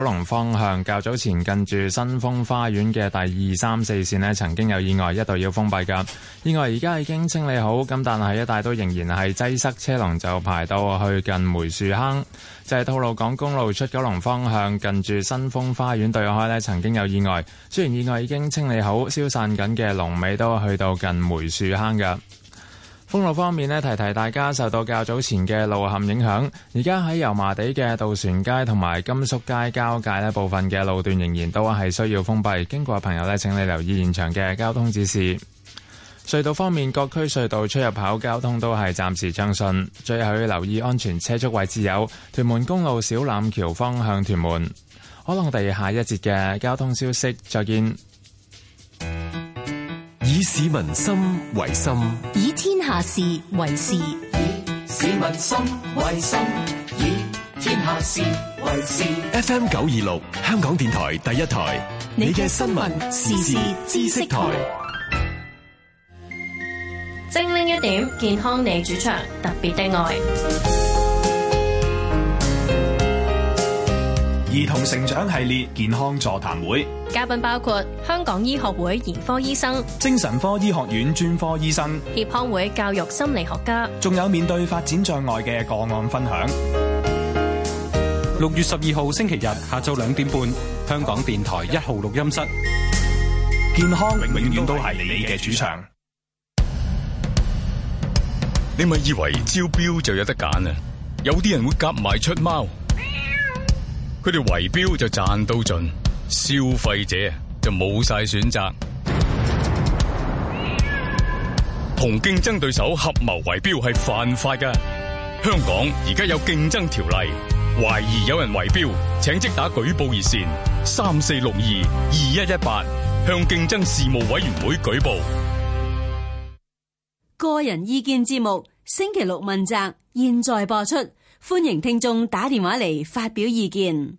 九龍方向較早前近住新豐花園嘅第二三四綫呢，曾經有意外，一度要封閉㗎。意外，而家已經清理好，咁但係一帶都仍然係擠塞，車龍就排到去近梅樹坑，就係、是、套露港公路出九龍方向近住新豐花園對開呢，曾經有意外，雖然意外已經清理好，消散緊嘅龍尾都去到近梅樹坑㗎。公路方面呢，提提大家受到較早前嘅路陷影響，而家喺油麻地嘅渡船街同埋甘肅街交界呢部分嘅路段仍然都係需要封閉。經過嘅朋友呢，請你留意現場嘅交通指示。隧道方面，各區隧道出入口交通都係暫時暢順，最後要留意安全車速位置有屯門公路小欖橋方向屯門可能地下一節嘅交通消息，再見。以市民心為心，以天。下事為事，以市民心為心，以天下事為事。FM 九二六，香港電台第一台，你嘅新聞時事知識台，精靈一點，健康你主場，特別的愛。兒童成長系列健康座談會，嘉賓包括香港醫學會兒科醫生、精神科醫學院專科醫生、協康會教育心理學家，仲有面對發展障礙嘅個案分享。六月十二號星期日下晝兩點半，香港電台一號錄音室，健康永遠都係你嘅主場。你咪以為招標就有得揀啊？有啲人會夾埋出貓。佢哋圍標就賺到盡，消費者就冇晒選擇。同競爭對手合謀圍標係犯法㗎。香港而家有競爭條例，懷疑有人圍標，請即打舉報熱線三四六二二一一八向競爭事務委員會舉報。個人意見節目星期六問責，現在播出，歡迎聽眾打電話嚟發表意見。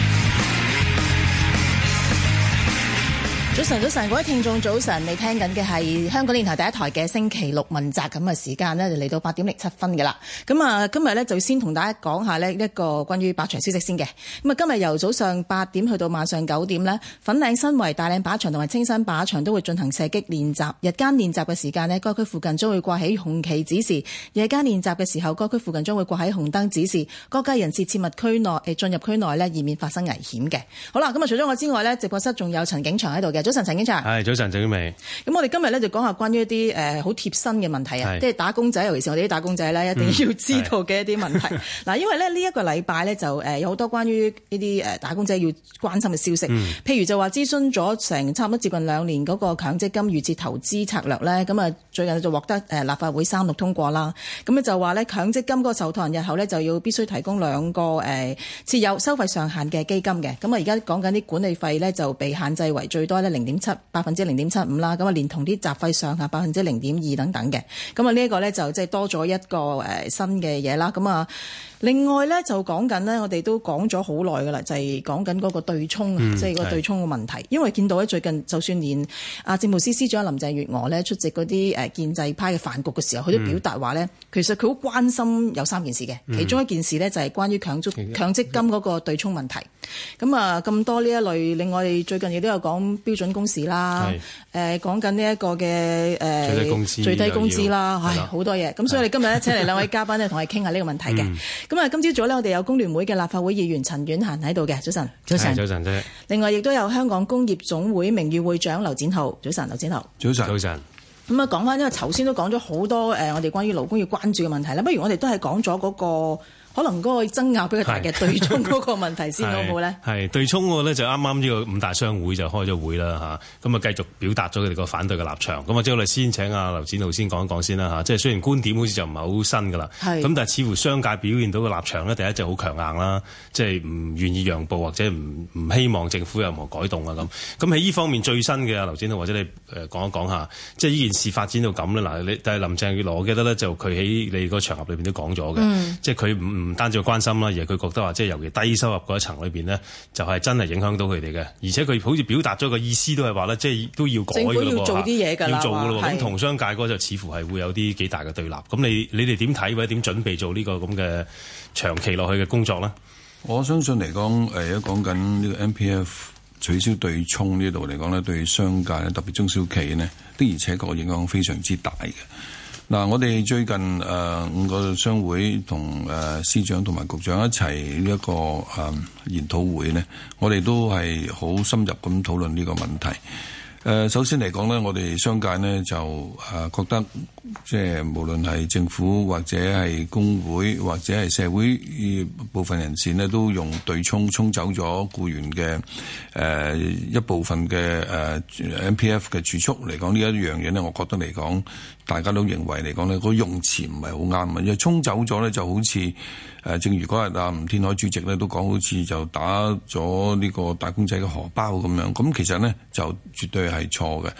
早晨，早晨，各位聽眾，早晨！你聽緊嘅係香港電台第一台嘅星期六問責，咁嘅時間咧，就嚟到八點零七分嘅啦。咁啊，今日咧就先同大家講下咧一個關於靶場消息，先嘅。咁啊，今日由早上八點去到晚上九點咧，粉嶺新圍大嶺靶、靶場同埋青山靶場都會進行射擊練習，日間練習嘅時間咧，該區附近將會掛起紅旗指示；夜間練習嘅時候，該區附近將會掛起紅燈指示，各界人士切勿區內誒進入區內咧，以免發生危險嘅。好啦，咁啊，除咗我之外咧，直播室仲有陳景祥喺度嘅。早晨，陳景祥。係早晨，鄭婉薇。咁我哋今日咧就講下關於一啲誒好貼身嘅問題啊，是即係打工仔，尤其是我哋啲打工仔咧，一定要知道嘅一啲問題。嗱、嗯， 因為咧呢一個禮拜咧就有好多關於呢啲誒打工仔要關心嘅消息，嗯、譬如就話諮詢咗成差唔多接近兩年嗰個強積金預設投資策略咧，咁啊最近就獲得立法會三六通過啦。咁就話呢，強積金嗰個受託人日後咧就要必須提供兩個誒、呃、設有收費上限嘅基金嘅。咁啊而家講緊啲管理費咧就被限制為最多咧，零點七百分之零點七五啦，咁啊連同啲雜費上下百分之零點二等等嘅，咁啊呢一個咧就即係多咗一個誒新嘅嘢啦，咁啊。另外咧就講緊呢，我哋都講咗好耐噶啦，就係講緊嗰個對沖啊，即係個對沖嘅問題。因為見到咧最近，就算連啊政務司司長林鄭月娥呢出席嗰啲誒建制派嘅飯局嘅時候，佢都表達話呢，其實佢好關心有三件事嘅，其中一件事呢，就係關於強強積金嗰個對沖問題。咁啊咁多呢一類，另外最近亦都有講標準工時啦，誒講緊呢一個嘅最低工資啦，唉好多嘢。咁所以我哋今日咧請嚟兩位嘉賓呢，同我哋傾下呢個問題嘅。咁啊，今朝早咧，我哋有工聯會嘅立法會議員陳婉嫻喺度嘅，早晨，早晨，早晨啫。另外，亦都有香港工業總會名譽會長劉展灝，早晨，劉展灝，早晨，早晨。咁啊，講翻，因為頭先都講咗好多，誒，我哋關於勞工要關注嘅問題啦，不如我哋都係講咗嗰個。可能嗰個爭拗比較大嘅對沖嗰個問題先好唔好咧？係 對沖個咧，就啱啱呢個五大商會就開咗會啦嚇，咁啊就繼續表達咗佢哋個反對嘅立場。咁啊即我哋先請阿劉展灝先講一講先啦嚇。即係雖然觀點好似就唔係好新㗎啦，咁是但係似乎商界表現到個立場咧，第一就好強硬啦，即係唔願意讓步或者唔唔希望政府有任何改動啊咁。咁喺呢方面最新嘅阿劉展灝或者你誒、呃、講一講一下，即係呢件事發展到咁咧嗱。你但係林鄭月娥我記得咧就佢喺你個場合裏邊都講咗嘅，嗯、即係佢唔。唔單止關心啦，而係佢覺得話，即係尤其低收入嗰一層裏邊咧，就係、是、真係影響到佢哋嘅。而且佢好似表達咗個意思，都係話咧，即係都要改嗰個政府要做啲嘢㗎要做㗎咯。咁是同商界嗰就似乎係會有啲幾大嘅對立。咁你你哋點睇或者點準備做呢個咁嘅長期落去嘅工作咧？我相信嚟講，誒、呃，而家講緊呢個 M P F 取消對沖呢度嚟講咧，對商界特別中小企呢，的而且確影響非常之大嘅。嗱，我哋最近誒、呃、五個商會同誒、呃、司長同埋局長一齊呢一個誒、呃、研討會呢，我哋都係好深入咁討論呢個問題。誒、呃，首先嚟講呢，我哋商界呢就誒、呃、覺得，即係無論係政府或者係工會或者係社會部分人士呢，都用對沖沖走咗僱員嘅誒、呃、一部分嘅誒、呃、MPF 嘅儲蓄嚟講呢一樣嘢呢，我覺得嚟講。大家都認為嚟講咧，呢個用詞唔係好啱啊！因為沖走咗咧，就好似誒，正如嗰日阿吳天海主席咧都講，好似就打咗呢個打工仔嘅荷包咁樣。咁其實呢，就絕對係錯嘅。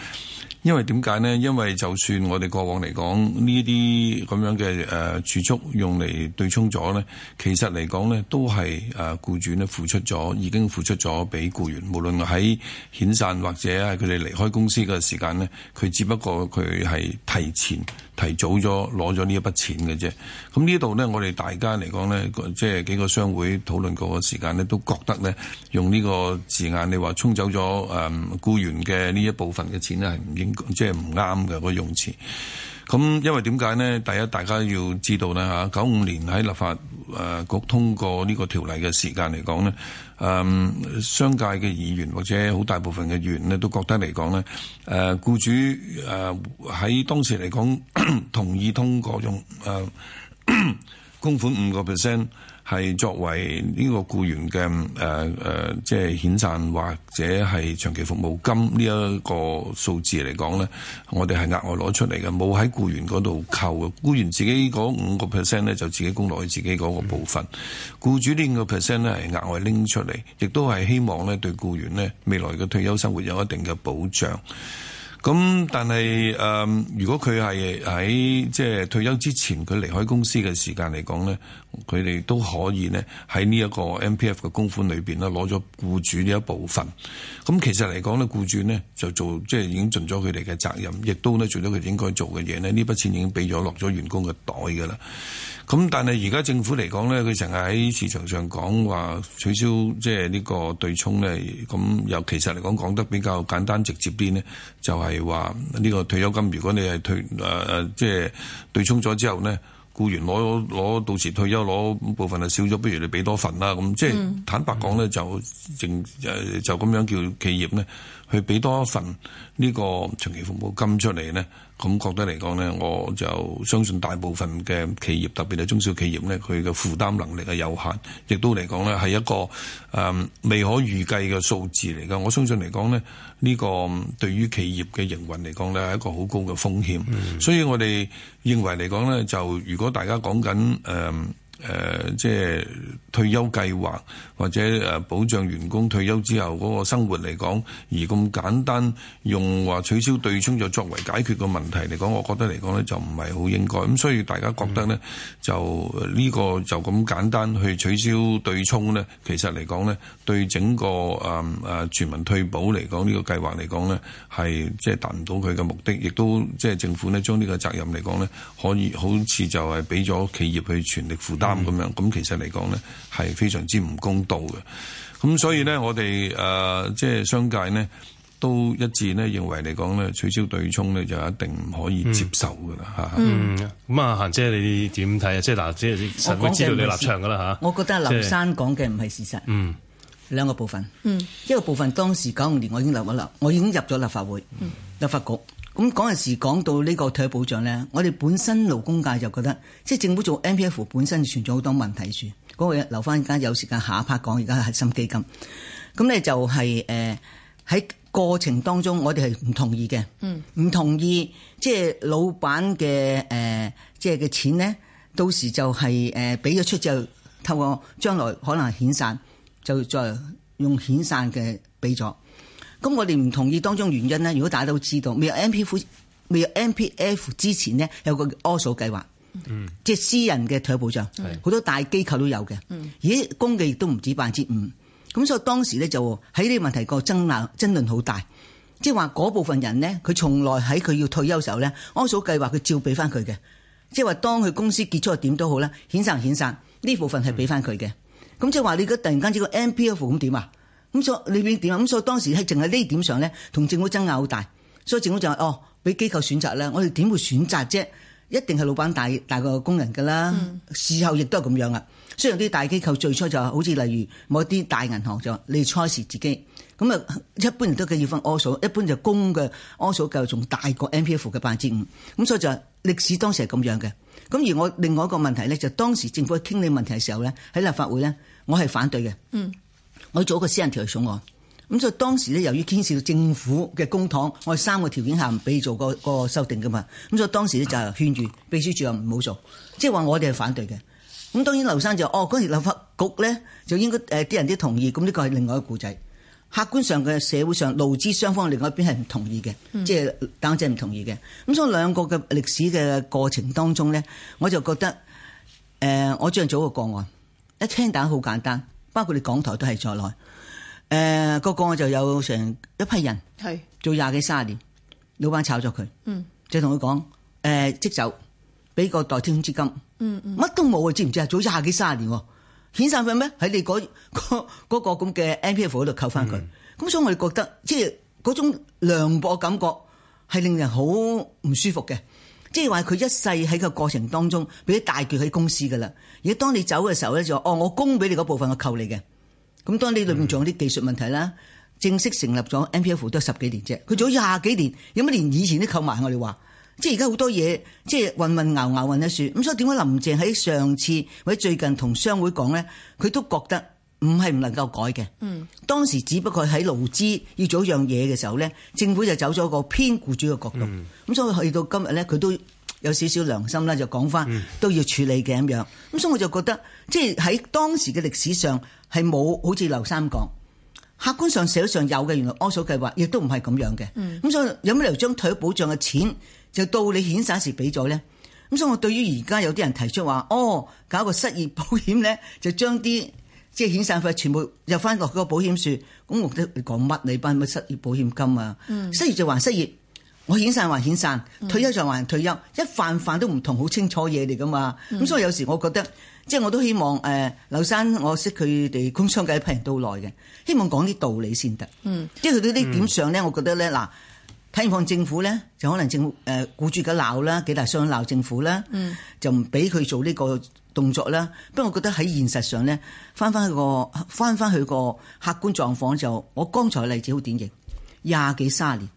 因為點解呢？因為就算我哋過往嚟講呢啲咁樣嘅誒儲蓄用嚟對沖咗呢，其實嚟講呢都係誒僱主呢付出咗，已經付出咗俾僱員。無論喺遣散或者係佢哋離開公司嘅時間呢，佢只不過佢係提前。提早咗攞咗呢一筆錢嘅啫，咁呢度呢，我哋大家嚟講呢，即係幾個商會討論過嘅時間呢，都覺得呢，用呢個字眼，你話沖走咗誒僱員嘅呢一部分嘅錢呢，係唔應即係唔啱嘅個用詞。咁因為點解呢？第一，大家要知道呢嚇，九五年喺立法局通過呢個條例嘅時間嚟講呢，誒商界嘅議員或者好大部分嘅議員呢都覺得嚟講呢，誒僱主喺當時嚟講 同意通過用誒供款五個 percent。係作為呢個僱員嘅誒誒，即係遣散或者係長期服務金呢一個數字嚟講呢，我哋係額外攞出嚟嘅，冇喺僱員嗰度扣嘅。僱員自己嗰五個 percent 呢，就自己供落去自己嗰個部分。僱主呢五個 percent 呢，係額外拎出嚟，亦都係希望呢對僱員呢未來嘅退休生活有一定嘅保障。咁但係誒、呃，如果佢係喺即係退休之前佢離開公司嘅時間嚟講咧，佢哋都可以呢喺呢一個 M P F 嘅公款裏面咧攞咗僱主呢一部分。咁其實嚟講咧，僱主呢就做即係、就是、已經盡咗佢哋嘅責任，亦都咧做咗佢應該做嘅嘢呢。呢筆錢已經俾咗落咗員工嘅袋噶啦。咁但係而家政府嚟講咧，佢成日喺市場上講話取消即係呢個對沖咧。咁又其實嚟講講得比較簡單直接啲咧，就係話呢個退休金，如果你係退誒即係對沖咗之後咧，僱員攞攞到時退休攞部分就少咗，不如你俾多份啦。咁即係坦白講咧，就淨誒就咁樣叫企業咧。佢俾多一份呢個長期服務金出嚟呢，咁覺得嚟講呢，我就相信大部分嘅企業，特別係中小企業呢，佢嘅負擔能力係有限，亦都嚟講呢，係一個誒、嗯、未可預計嘅數字嚟嘅。我相信嚟講呢，呢、呢個對於企業嘅營運嚟講呢，係一個好高嘅風險。嗯、所以我哋認為嚟講呢，就如果大家講緊誒誒即係。退休計劃或者誒保障員工退休之後嗰個生活嚟講，而咁簡單用話取消對沖就作為解決個問題嚟講，我覺得嚟講呢就唔係好應該。咁所以大家覺得呢，嗯、就呢個就咁簡單去取消對沖呢，其實嚟講呢，對整個誒誒、嗯、全民退保嚟講呢個計劃嚟講呢，係即係達唔到佢嘅目的，亦都即係、即係、政府呢將呢個責任嚟講呢，可以好似就係俾咗企業去全力負擔咁、嗯、樣。咁其實嚟講呢。係非常之唔公道嘅，咁所以呢，我哋、呃、即係商界呢都一致呢認為嚟講呢取消對沖呢就一定唔可以接受噶啦嗯，咁啊，嫻姐你點睇啊？即係嗱，即係實會知道你立場噶啦、啊、我，我覺得劉生講嘅唔係事實。就是、嗯，兩個部分。嗯，一個部分當時九五年我已經留咗立，我已經入咗立法會、嗯、立法局。咁、嗯、嗰陣時講到呢個退休保障呢，我哋本身勞工界就覺得即係、就是、政府做 MPF 本身存咗好多問題住。嗰個留翻，而家有時間下一 part 講，而家係核心基金，咁咧就係誒喺過程當中，我哋係唔同意嘅。嗯，唔同意即係、就是、老闆嘅誒即係嘅錢咧，到時就係誒俾咗出就透過將來可能遣散，就再用遣散嘅俾咗。咁我哋唔同意當中原因咧，如果大家都知道，未有 M P F 未有 M P F 之前咧，有個 ORSO 計劃。嗯，即係私人嘅退休保障，好是多大機構都有嘅。咦、嗯，公嘅亦都唔止百分之五，咁所以當時咧就喺呢個問題個爭論爭論好大，即係話嗰部分人咧，佢從來喺佢要退休時候咧，安數計劃佢照俾翻佢嘅，即係話當佢公司結束點都好啦，遣散遣散呢部分係俾翻佢嘅。咁、嗯、即係話你而家突然間知個 MPF 咁點啊？咁所以裏邊點啊？咁所以當時係淨係呢點上咧，同政府爭拗好大，所以政府就話哦，俾機構選擇啦，我哋點會選擇啫？一定係老闆大大個工人噶啦，嗯、事後亦都係咁樣啦。雖然啲大機構最初就好似例如某啲大銀行就你初時自己咁啊，一般人都計要分 a l s o 一般就公嘅 a l s o 夠仲大過 M P F 嘅百分之五，咁所以就歷史當時係咁樣嘅。咁而我另外一個問題咧，就當時政府去傾理問題嘅時候咧，喺立法會咧，我係反對嘅。嗯，我做一個私人條例草案。咁所以當時咧，由於牽涉到政府嘅公帑，我哋三個條件下唔俾做個個修訂嘅嘛。咁所以當時咧就勸喻秘書主任唔好做，即係話我哋係反對嘅。咁當然劉生就說哦，嗰時立法局咧就應該誒啲人啲同意，咁呢個係另外一個故仔。客觀上嘅社會上勞資雙方另外一邊係唔同意嘅，即係打工仔唔同意嘅。咁所以兩個嘅歷史嘅過程當中咧，我就覺得誒、呃，我將做一個個案，一聽答好簡單，包括你港台都係在內。誒、呃那個個就有成一批人係是做廿幾卅年，老闆炒咗佢，嗯、就同佢講誒即走，俾個代通知金，乜嗯嗯都冇啊！知唔知啊？做廿幾卅年，遣散費咩？喺你嗰、那個嗰咁嘅 M P F 嗰度扣翻佢。咁、嗯、所以我哋覺得，即係嗰種涼薄感覺係令人好唔舒服嘅。即係話佢一世喺個過程當中俾大鉸喺公司噶啦，而家當你走嘅時候咧就話：哦，我供俾你嗰部分我扣你嘅。咁當然，裏面仲有啲技術問題啦。嗯、正式成立咗 MPF 都係十幾年啫，佢做咗廿幾年，有乜連以前都扣埋？我哋話，即係而家好多嘢，即係混混淆淆混一串。咁所以點解林鄭喺上次或者最近同商會講咧，佢都覺得唔係唔能夠改嘅。嗯，當時只不過喺勞資要做一樣嘢嘅時候咧，政府就走咗個偏雇主嘅角度。咁、嗯、所以去到今日咧，佢都。有少少良心啦，就講翻都要處理嘅咁樣，咁、mm. 所以我就覺得，即係喺當時嘅歷史上係冇好似劉生講，客觀上社會上有嘅原來安數計劃亦都唔係咁樣嘅。咁、mm. 所以有咩理由將退休保障嘅錢就到你遣散時俾咗咧？咁所以我對於而家有啲人提出話，哦，搞個失業保險咧，就將啲即係遣散費全部入翻落個保險樹，咁我覺得你講乜你班乜失業保險金啊？Mm. 失業就還失業。我遣散還遣散，退休上還退休，嗯、一飯飯都唔同，好清楚嘢嚟噶嘛？咁、嗯、所以有時我覺得，即、就、係、是、我都希望誒、呃，劉生我識佢哋工商界一批人都好耐嘅，希望講啲道理先得。嗯，即係佢啲啲點上咧，我覺得咧嗱，睇完況政府咧，就可能政府誒顧住緊鬧啦，幾大箱鬧政府啦，嗯、就唔俾佢做呢個動作啦。不過我覺得喺現實上咧，翻翻個翻翻佢個客觀狀況就，我剛才嘅例子好典型，廿幾卅年。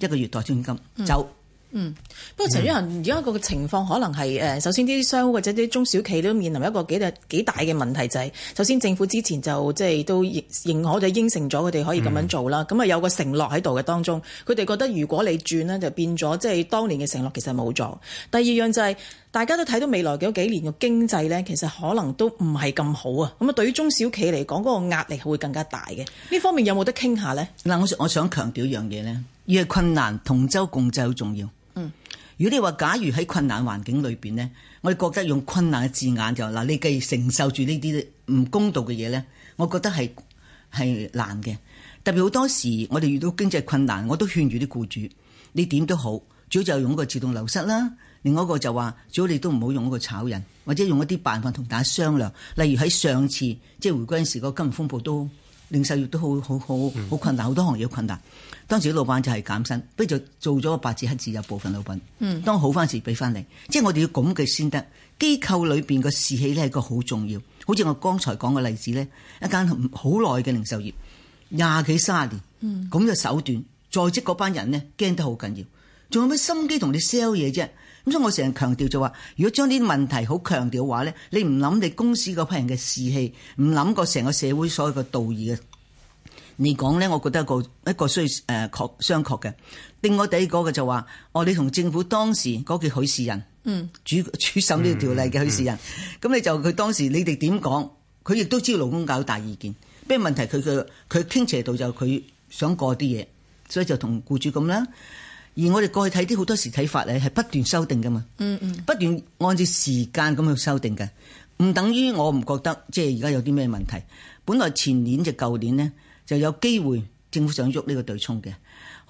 一個月代轉金走，嗯，就嗯，不過陳婉嫻而家個情況可能係誒，嗯、首先啲商戶或者啲中小企都面臨一個幾大幾大嘅問題仔、就是。首先政府之前就即係、就是、都認認可就應承咗佢哋可以咁樣做啦，咁啊、嗯、有個承諾喺度嘅當中，佢哋覺得如果你轉呢，就變咗即係當年嘅承諾其實冇咗。第二樣就係、是、大家都睇到未來嗰幾年嘅經濟呢，其實可能都唔係咁好啊。咁啊，對於中小企嚟講，嗰、那個壓力會更加大嘅呢方面有冇得傾下呢？嗱，我我想強調一樣嘢呢。越係困難，同舟共濟好重要。嗯，如果你話假如喺困難環境裏邊咧，我覺得用困難嘅字眼就嗱，你嘅承受住呢啲唔公道嘅嘢咧，我覺得係係難嘅。特別好多時，我哋遇到經濟困難，我都勸住啲僱主，你點都好，最好就用一個自動流失啦。另外一個就話，最好你都唔好用一個炒人，或者用一啲辦法同大家商量。例如喺上次即係回歸時個金融風暴都。零售業都好好好好困難，好多行業困難。當時啲老闆就係減薪，不如就做咗個白紙黑字，有部分老闆，嗯，當好翻時俾翻你。嗯、即係我哋要咁嘅先得。機構裏面個士氣咧係一個好重要，好似我剛才講嘅例子咧，一間好耐嘅零售業廿幾三十年，咁嘅手段，在職嗰班人咧驚得好緊要，仲有咩心機同你 sell 嘢啫？咁所以我成日強調就話，如果將呢啲問題好強調嘅話咧，你唔諗你公司嗰批人嘅士氣，唔諗過成個社會所有嘅道義嘅，你講咧，我覺得一個一個需誒確、呃、商榷嘅。另外第二個就話，我哋同政府當時嗰個許仕仁，嗯人，嗯，嗯，主主審呢條例嘅許仕仁。咁你就佢當時你哋點講，佢亦都知道勞工界有大意見，咩問題佢嘅佢傾斜度就佢想過啲嘢，所以就同僱主咁啦。而我哋過去睇啲好多時睇法咧，係不斷修訂㗎嘛，不斷按照時間咁去修訂嘅，唔等於我唔覺得，即係而家有啲咩問題。本來前年就舊年咧就有機會，政府想喐呢個對沖嘅。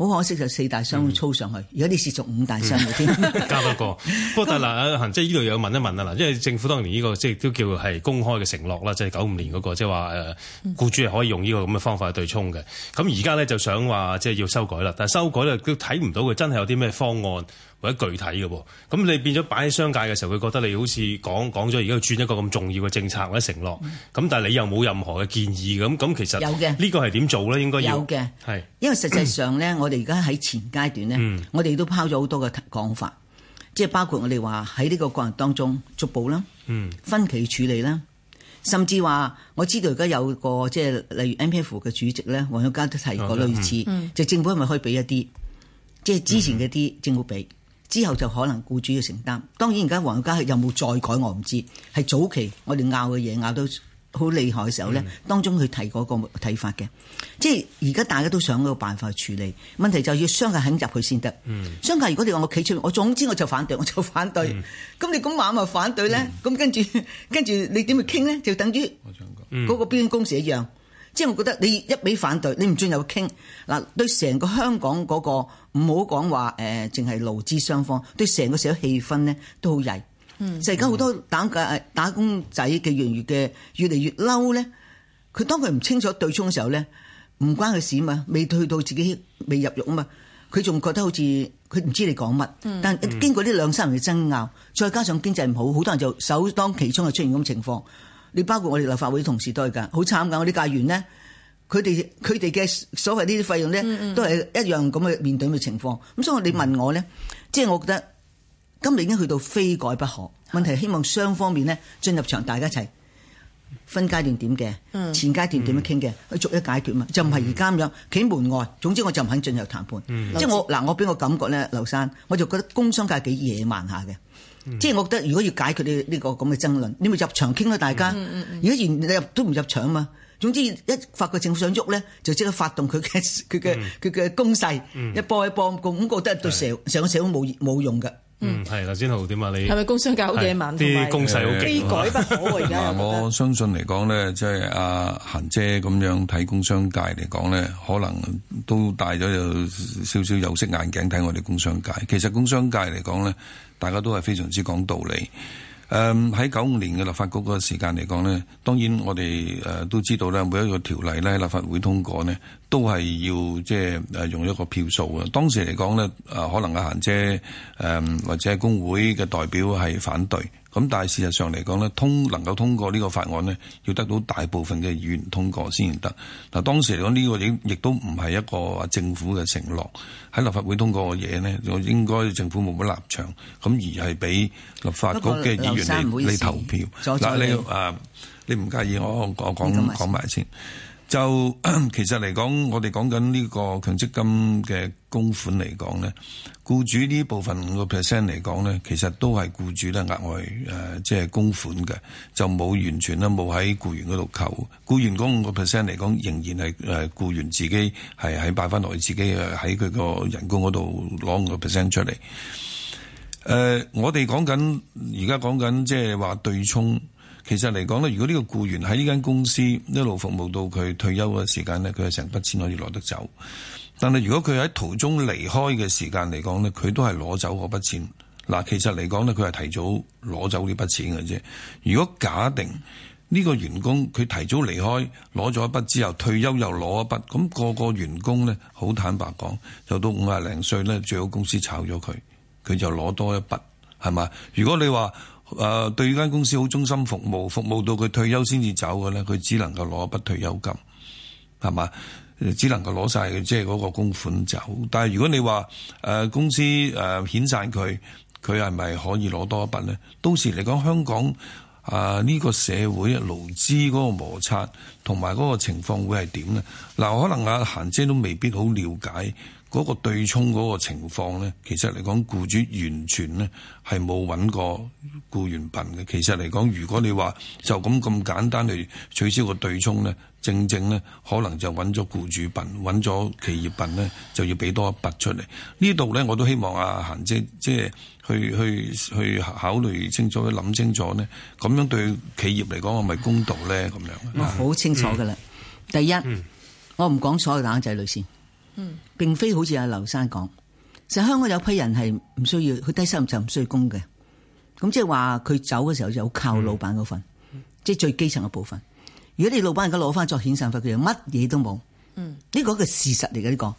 好可惜就四大商會操上去，而家啲事做五大商添。嗯、 加多個，不過但嗱，即係呢度又要問一問啊嗱，因為政府當年呢、這個即都叫係公開嘅承諾啦，即係九五年嗰、那個即係話誒，雇、就是呃、主係可以用呢個咁嘅方法去對沖嘅。咁而家咧就想話即係要修改啦，但係修改咧都睇唔到佢真係有啲咩方案。或者具體嘅噉，你變咗擺喺商界嘅時候，佢覺得你好似講講咗而家要轉一個咁重要嘅政策或者承諾，咁、嗯、但你又冇任何嘅建議咁，咁其實有嘅呢個係點做咧？應該有嘅的是因為實際上咧， 我哋而家喺前階段咧，我哋都拋咗好多嘅講法，即係包括我哋話喺呢個過程當中逐步啦，嗯、分期處理啦，甚至話我知道而家有個即係例如 M P F 嘅主席咧，黃友嘉都提過類似，嗯嗯、就政府係咪可以俾一啲即係之前嘅啲政府俾？之後就可能僱主要承擔，當然而家黃家有冇再改我唔知，係早期我哋拗嘅嘢拗到好厲害嘅時候咧，當中佢提過個睇法嘅，即係而家大家都想個辦法去處理，問題就要商界肯入去先得。商界、嗯、如果你話我企出面，我總之我就反對，我就反對。咁、嗯、你咁猛話反對咧，咁、嗯、跟住跟住你點去傾咧？就等於嗰個邊公事一樣。即係我覺得你一味反對，你唔進入傾嗱，對成個香港嗰個唔好講話誒，淨係勞資雙方對成個社會氣氛咧都好曳。嗯，就而家好多打嘅打工仔嘅越嚟越嘅越嚟越嬲咧，佢當佢唔清楚對沖嘅時候咧，唔關佢事啊嘛，未退到自己未入獄啊嘛，佢仲覺得好似佢唔知你講乜。但經過呢兩三人嘅爭拗，再加上經濟唔好，好多人就首當其衝就出現咁情況。你包括我哋立法會同事都係㗎，好慘㗎！我啲界員咧，佢哋佢哋嘅所謂呢啲費用咧，都係一樣咁嘅面對嘅情況。咁、嗯、所以你問我咧，嗯、即係我覺得今日已經去到非改不可。是的 問題係希望雙方面咧進入場，大家一齊分階段點嘅，嗯、前階段點樣傾嘅，去逐一解決嘛。就唔係而家咁樣企喺門外。總之我就唔肯進入談判。嗯嗯、即係我嗱，我俾個感覺咧，劉生，我就覺得工商界幾野蠻下嘅。即係，我覺得如果要解決呢呢個咁嘅爭論，你咪入場傾咯，大家。如果入都唔入場啊嘛，總之一發覺政府想喐咧，就即刻發動佢嘅佢嘅佢嘅攻勢，嗯、一波一波，咁覺得對社上個社會冇冇用嘅。嗯，係劉先豪點啊？你係咪工商界好夜晚啲公勢好勁，非改不可，而家我相信嚟講咧，即係阿嫻姐咁樣睇工商界嚟講咧，可能都戴咗有少少有色眼鏡睇我哋工商界。其實工商界嚟講咧，大家都係非常之講道理。誒喺九五年嘅立法局個時間嚟講咧，當然我哋誒都知道咧，每一個條例咧，立法會通過咧，都係要即係誒用一個票數嘅。當時嚟講咧，誒可能阿嫻姐誒或者係工會嘅代表係反對。咁但係事實上嚟講咧，通能夠通過呢個法案咧，要得到大部分嘅議員通過先至得。嗱當時嚟講，呢個亦亦都唔係一個政府嘅承諾，喺立法會通過嘅嘢咧，我應該政府冇乜立場，咁而係俾立法局嘅議員嚟你投票。嗱你，你啊，你唔介意我我講講埋先。就其實嚟講，我哋講緊呢個強積金嘅供款嚟講咧，僱主呢部分五個 percent 嚟講咧，其實都係僱主咧額外誒即係供款嘅，就冇完全都冇喺僱員嗰度扣。僱員嗰五個 percent 嚟講，仍然係誒僱員自己係喺擺翻落去自己誒喺佢個人工嗰度攞五個 percent 出嚟。誒、呃，我哋講緊而家講緊即係話對沖。其實嚟講咧，如果呢個僱員喺呢間公司一路服務到佢退休嘅時間呢，佢係成筆錢可以攞得走。但係如果佢喺途中離開嘅時間嚟講呢，佢都係攞走嗰筆錢。嗱，其實嚟講呢，佢係提早攞走呢筆錢嘅啫。如果假定呢個員工佢提早離開，攞咗一筆之後退休，又攞一筆，咁個個員工呢，好坦白講，就到五廿零歲呢，最好公司炒咗佢，佢就攞多一筆，係嘛？如果你話，誒、呃，對呢間公司好忠心服務，服務到佢退休先至走嘅咧，佢只能夠攞一筆退休金，係嘛？只能夠攞晒佢即係嗰個公款走。但係如果你話誒、呃、公司誒、呃、遣散佢，佢係咪可以攞多一筆呢？到時嚟講，香港啊呢個社會、呃這個、勞資嗰個摩擦同埋嗰個情況會係點呢？嗱、呃，可能阿、啊、嫻姐都未必好了解。嗰個對沖嗰個情況咧，其實嚟講，僱主完全咧係冇揾過僱員笨嘅。其實嚟講，如果你話就咁咁簡單嚟取消個對沖咧，正正咧可能就揾咗僱主笨，揾咗企業笨咧就要俾多一筆出嚟。呢度咧我都希望阿、啊、嫻姐即係去去去考慮清楚，去諗清楚咧，咁樣對企業嚟講係咪公道咧？咁、嗯、樣我好清楚㗎啦。嗯、第一，嗯、我唔講所有冷仔女先。並非好似阿劉生講，其實香港有批人係唔需要，佢低收入就唔需要供嘅。咁即係話佢走嘅時候有靠老闆嗰份，mm hmm. 即係最基層嘅部分。如果你老闆而家攞翻作遣散費，佢又乜嘢都冇。嗯、mm，呢個係事實嚟嘅，呢個。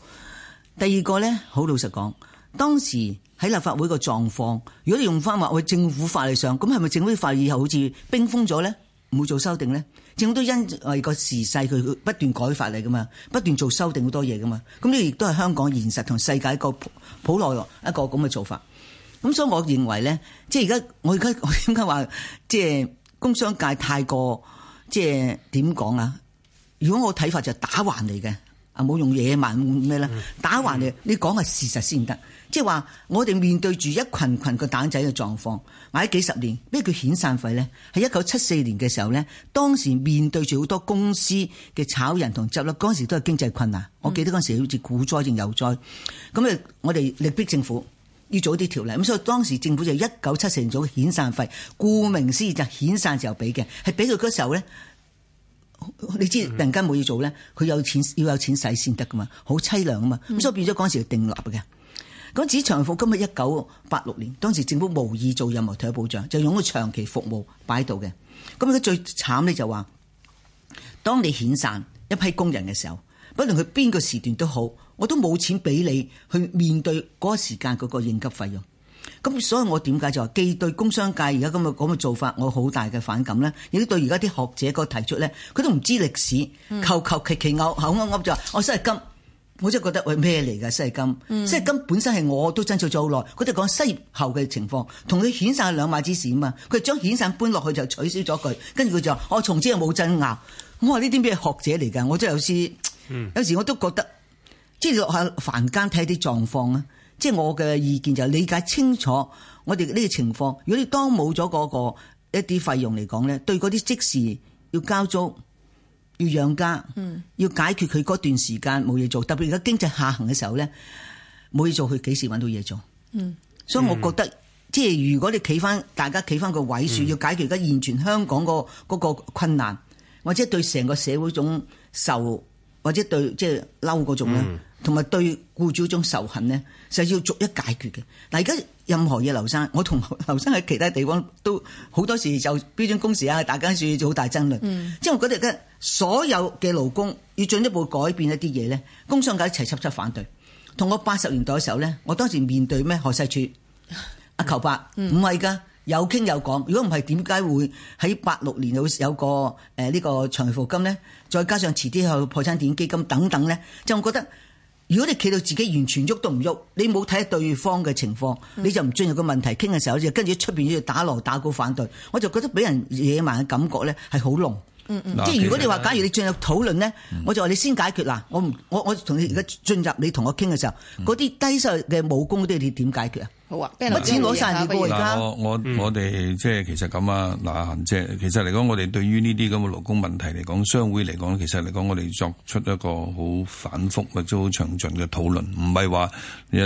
第二個咧，好老實講，當時喺立法會個狀況，如果你用翻話去政府法例上，咁係咪政府法例以後，好似冰封咗咧，唔會做修訂咧？正都因為個時勢，佢不斷改法嚟噶嘛，不斷做修訂好多嘢噶嘛，咁呢個亦都係香港現實同世界一個普普羅羅一個咁嘅做法。咁所以我認為咧，即係而家我而家我點解話即係工商界太過即係點講啊？如果我睇法就打橫嚟嘅啊，冇用野蠻咩啦，打橫嚟。你講係事實先得，即係話我哋面對住一群群個蛋仔嘅狀況。買幾十年咩叫遣散費咧？喺一九七四年嘅時候咧，當時面對住好多公司嘅炒人同執笠，嗰陣時都係經濟困難。嗯、我記得嗰陣時好似股災定油災。咁啊，我哋力逼政府要做啲條例，咁所以當時政府就一九七四年做遣散費，顧名思義就遣散時候俾嘅，係俾到嗰時候咧，你知突然間冇嘢做咧，佢有錢要有錢使先得噶嘛，好淒涼啊嘛，咁所以變咗嗰陣時定立嘅。咁紙長服今日一九八六年，當時政府無意做任何退休保障，就用個長期服務擺喺度嘅。咁佢最慘呢，就話，當你遣散一批工人嘅時候，不論佢邊個時段都好，我都冇錢俾你去面對嗰個時間嗰個應急費用。咁所以我點解就話，既對工商界而家咁嘅咁嘅做法，我有好大嘅反感呢？亦都對而家啲學者個提出呢，佢都唔知歷史，求求其其口口噏噏就話，我真係今我真係覺得喂咩嚟㗎失業金？失業金本身係我都爭取咗好耐，佢哋講失業後嘅情況，同佢遣散兩碼之事啊嘛。佢將遣散搬落去就取消咗佢，跟住佢就話：我、哦、從此又冇爭拗。我話呢啲咩學者嚟㗎？我真係有時、嗯、有時我都覺得，即係落喺凡間睇啲狀況啊。即係我嘅意見就理解清楚，我哋呢個情況，如果你當冇咗嗰個一啲費用嚟講咧，對嗰啲即時要交租。要養家，要解決佢嗰段時間冇嘢做，特別而家經濟下行嘅時候咧，冇嘢做佢幾時揾到嘢做？做嗯、所以我覺得，嗯、即係如果你企翻，大家企翻個位，要解決而家完全香港個嗰個困難，或者對成個社會種受，或者對即係嬲嗰種咧。嗯同埋對僱主一種仇恨咧，就要逐一解決嘅。但而家任何嘢，劉生，我同劉生喺其他地方都好多時就標準工時啊，大家處好大爭論。即係我覺得呢，所有嘅勞工要進一步改變一啲嘢咧，工商界一齊作出反對。同我八十年代嘅時候咧，我當時面對咩？何世柱、阿球、嗯啊、伯，唔係㗎，有傾有講。如果唔係，點解會喺八六年有有個呢、呃這個長期服務金咧？再加上遲啲去破產典基金等等咧？即係我覺得。如果你企到自己完全喐都唔喐，你冇睇對方嘅情況，你就唔進入個問題傾嘅時候，就跟住出邊要打鑼打鼓反對，我就覺得俾人野蠻嘅感覺咧，係好濃。嗯嗯，即係如果你話假如你進入討論咧，嗯、我就話你先解決啦，我唔我我同你而家進入你同我傾嘅時候，嗰啲低級嘅武功嗰啲你點解決啊？好啊！俾人攞晒啲，嗱，我我我哋即係其實咁啊！嗱，阿恆姐，其實嚟講，我哋對於呢啲咁嘅勞工問題嚟講，商會嚟講，其實嚟講，我哋作出一個好反覆或者好詳盡嘅討論，唔係話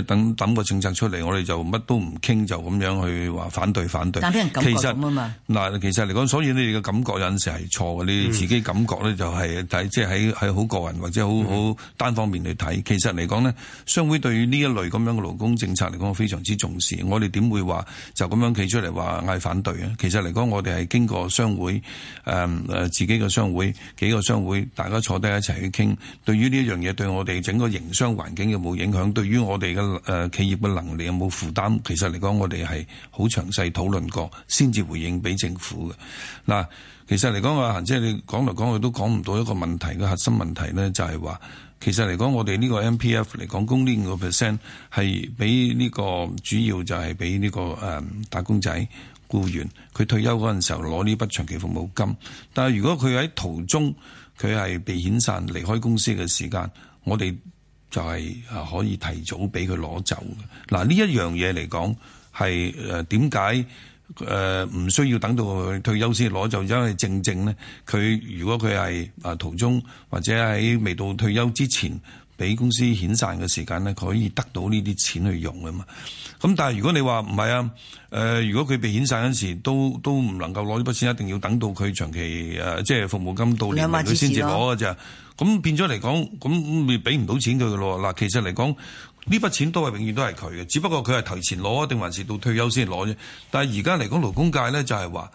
等等個政策出嚟，我哋就乜都唔傾，就咁樣去話反對反對。反對但係俾嗱，其實嚟講，所以你哋嘅感覺有陣時係錯嘅，嗯、你自己感覺咧就係睇即係喺喺好個人或者好好單方面嚟睇。其實嚟講咧，商會對於呢一類咁樣嘅勞工政策嚟講，非常之重。時，我哋點會話就咁樣企出嚟話嗌反對啊？其實嚟講，我哋係經過商會誒誒、嗯，自己個商會幾個商會，大家坐低一齊去傾，對於呢一樣嘢對我哋整個營商環境有冇影響，對於我哋嘅誒企業嘅能力有冇負擔？其實嚟講，我哋係好詳細討論過，先至回應俾政府嘅。嗱，其實嚟講，阿嫻姐你講嚟講去都講唔到一個問題嘅核心問題呢就係話。其實嚟講，我哋呢個 M P F 嚟講，供呢五個 percent 係俾呢個主要就係俾呢個誒、呃、打工仔僱員，佢退休嗰陣時候攞呢筆長期服務金。但係如果佢喺途中佢係被遣散離開公司嘅時間，我哋就係啊可以提早俾佢攞走嘅。嗱，呢一樣嘢嚟講係誒點解？誒唔、呃、需要等到退休先攞就，因為正正咧，佢如果佢係啊途中或者喺未到退休之前，俾公司遣散嘅時間咧，佢可以得到呢啲錢去用㗎嘛。咁、嗯、但係如果你話唔係啊，誒、呃、如果佢被遣散嗰陣時，都都唔能夠攞呢筆錢，一定要等到佢長期誒、呃、即係服務金到年佢先至攞嘅咋咁變咗嚟講，咁你俾唔到錢佢嘅咯嗱。其實嚟講。呢筆錢都係永遠都係佢嘅，只不過佢係提前攞定還是到退休先攞啫。但係而家嚟講，勞工界咧就係話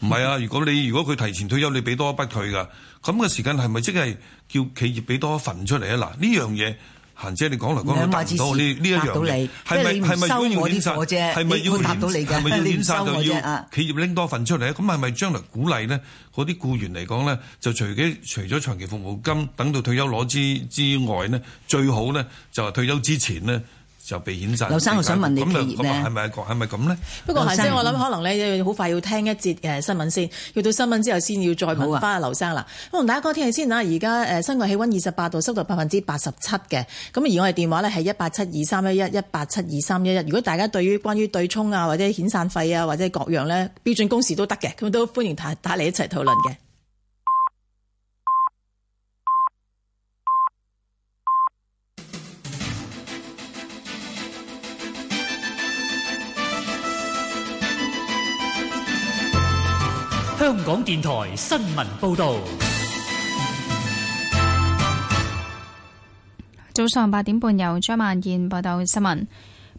唔係啊，如果你如果佢提前退休，你俾多一筆佢㗎，咁嘅時間係咪即係叫企業俾多一份出嚟啊？嗱，呢樣嘢。嫻姐，你講嚟講去答唔到呢呢一樣嘢，係咪係咪要攤嗰啫？係咪要攤到你？係咪要攤曬就要企業拎多份出嚟？咁係咪將來鼓勵咧嗰啲僱員嚟講咧，就除咗除咗長期服務金等到退休攞資之外咧，最好咧就係、是、退休之前咧。就被遣散。劉生又想問你幾熱咧？係咪係咪咁呢？是不，是呢不過，頭先我諗可能咧，好快要聽一節嘅新聞先。要到新聞之後，先要再問翻阿劉生啦。咁同、啊、大家講天氣先啦。而家誒室外氣溫二十八度，濕度百分之八十七嘅。咁而我哋電話呢係一八七二三一一一八七二三一一。如果大家對於關於對沖啊，或者遣散費啊，或者各樣呢標準工時都得嘅，咁都歡迎打打嚟一齊討論嘅。香港電台新聞報道。早上八點半，由張萬燕報道新聞。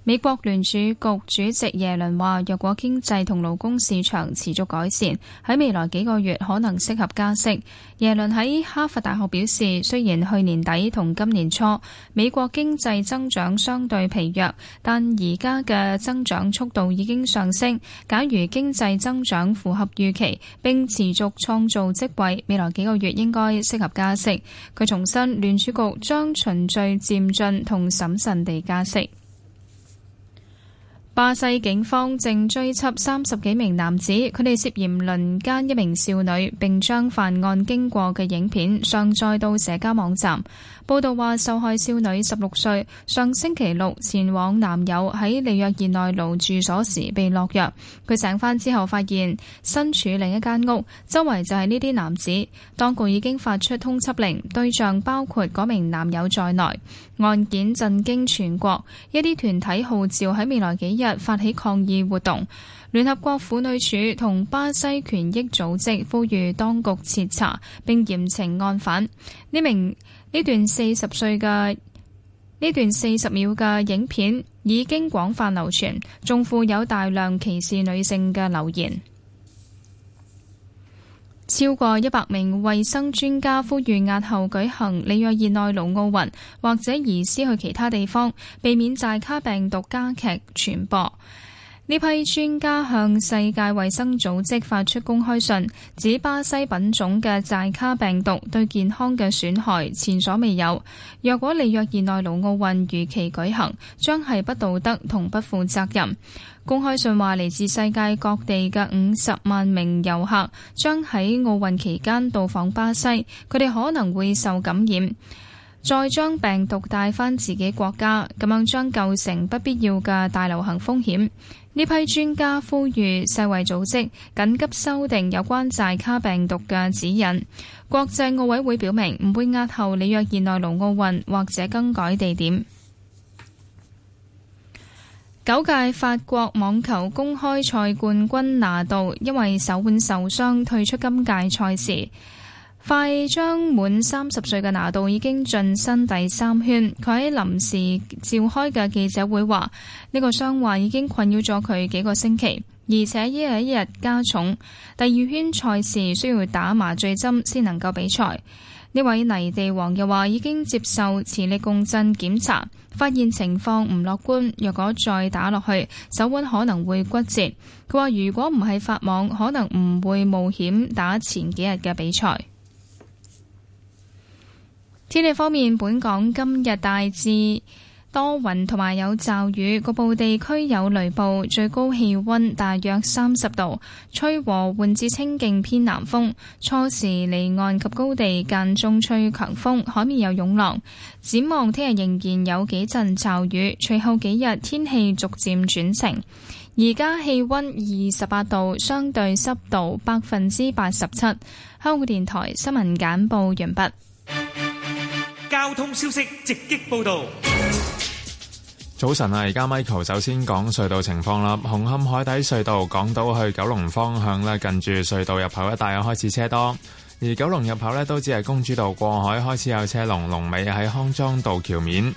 美國聯儲局主席耶倫話，若果經濟同勞工市場持續改善，喺未來幾個月可能適合加息。耶倫喺哈佛大學表示，雖然去年底同今年初美國經濟增長相對疲弱，但而家嘅增長速度已經上升。假如經濟增長符合預期，並持續創造職位，未來幾個月應該適合加息。佢重申，聯儲局將循序漸進同審慎地加息。巴西警方正追緝三十幾名男子，佢哋涉嫌輪姦一名少女，並將犯案經過嘅影片上載到社交網站。報道話，受害少女十六歲，上星期六前往男友喺里約熱內盧住所時被落藥。佢醒返之後，發現身處另一間屋，周圍就係呢啲男子。當局已經發出通緝令，對象包括嗰名男友在內。案件震驚全國，一啲團體號召喺未來幾日發起抗議活動。聯合國婦女署同巴西權益組織呼籲當局徹查並嚴懲案犯。呢名。呢段四十歲嘅，呢段四十秒嘅影片已經廣泛流傳，仲附有大量歧視女性嘅留言。超過一百名衛生專家呼籲押後舉行里約熱內盧奧運，或者移師去其他地方，避免寨卡病毒加劇傳播。呢批專家向世界衛生組織發出公開信，指巴西品種嘅寨卡病毒對健康嘅損害前所未有。若果里約熱內盧奧運如期舉行，將係不道德同不負責任。公開信話，嚟自世界各地嘅五十萬名遊客將喺奧運期間到訪巴西，佢哋可能會受感染，再將病毒帶返自己國家，咁樣將構成不必要嘅大流行風險。呢批專家呼籲世衛組織緊急修訂有關寨卡病毒嘅指引。國際奧委會表明唔會押後里約熱內盧奧運或者更改地點。九屆法國網球公開賽冠軍拿度因為手腕受傷退出今屆賽事。快將滿三十歲嘅拿度已經晉身第三圈。佢喺臨時召開嘅記者會話：呢個傷患已經困擾咗佢幾個星期，而且一日一日加重。第二圈賽事需要打麻醉針先能夠比賽。呢位泥地王又話已經接受磁力共振檢查，發現情況唔樂觀。若果再打落去，手腕可能會骨折。佢話：如果唔係法網，可能唔會冒險打前幾日嘅比賽。天氣方面，本港今日大致多雲，同埋有驟雨，局部地區有雷暴。最高氣溫大約三十度，吹和緩至清勁偏南風。初時離岸及高地間中吹強風，海面有湧浪。展望聽日仍然有幾陣驟雨，隨後幾日天氣逐漸轉晴。而家氣溫二十八度，相對濕度百分之八十七。香港電台新聞簡報完畢。交通消息直擊報道。早晨啊，而家 Michael 首先講隧道情況啦。紅磡海底隧道，港島去九龍方向呢，近住隧道入口一帶開始車多，而九龍入口呢都只係公主道過海開始有車龍，龍尾喺康莊道橋面。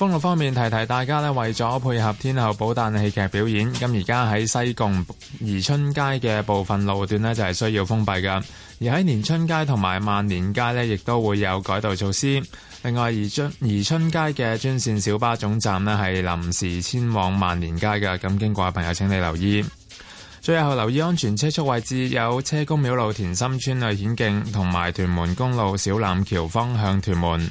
公路方面，提提大家咧，為咗配合天后寶誕戲劇表演，咁而家喺西貢宜春街嘅部分路段咧，就係需要封閉嘅。而喺年春街同埋萬年街咧，亦都會有改道措施。另外，宜春街嘅專綫小巴總站咧，係臨時遷往萬年街嘅。咁經過嘅朋友，請你留意。最後留意安全車速位置，有車公廟路田心村去顯徑，同埋屯門公路小欖橋方向屯門。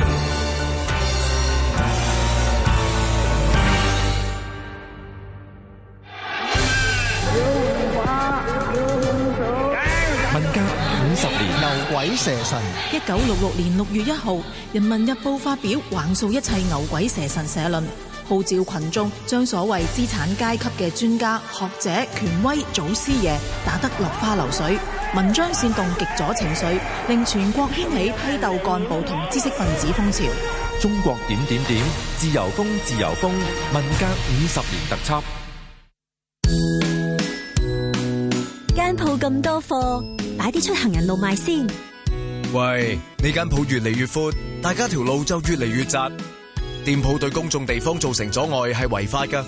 鬼蛇神！一九六六年六月一號，《人民日報》發表橫掃一切牛鬼蛇神社論，號召群眾將所謂資產階級嘅專家學者、權威、祖師爺打得落花流水。文章煽動極左情緒，令全國掀起批鬥幹部同知識分子風潮。中國點點點，自由風自由風，文革五十年特輯。間鋪咁多貨，擺啲出行人路賣先。喂，呢間鋪越嚟越闊，大家條路就越嚟越窄。店鋪對公衆地方造成阻礙係違法噶，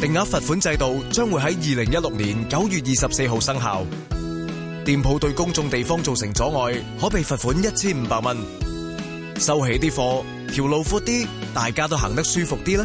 定額罰款制度將會喺二零一六年九月二十四號生效。店鋪對公眾地方造成阻礙，可被罰款一千五百蚊。收起啲貨，條路闊啲，大家都行得舒服啲啦。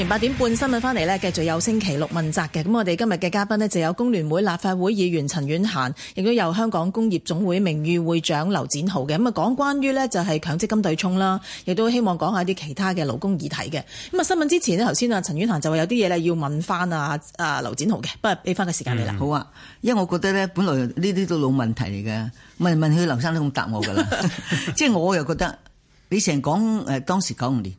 完八點半新聞翻嚟，咧，繼續有星期六問責嘅。咁我哋今日嘅嘉賓呢，就有工聯會立法會議員陳婉嫻，亦都有香港工業總會名譽會長劉展灝嘅。咁啊，講關於呢，就係強積金對沖啦，亦都希望講下啲其他嘅勞工議題嘅。咁啊，新聞之前呢，頭先啊陳婉嫻就話有啲嘢咧要問翻啊啊劉展灝嘅，不如俾翻個時間你啦，嗯。好啊，因為我覺得咧，本來呢啲都老問題嚟嘅，問問佢劉生都咁答我噶啦，即係我又覺得你成日講誒，當時九五年。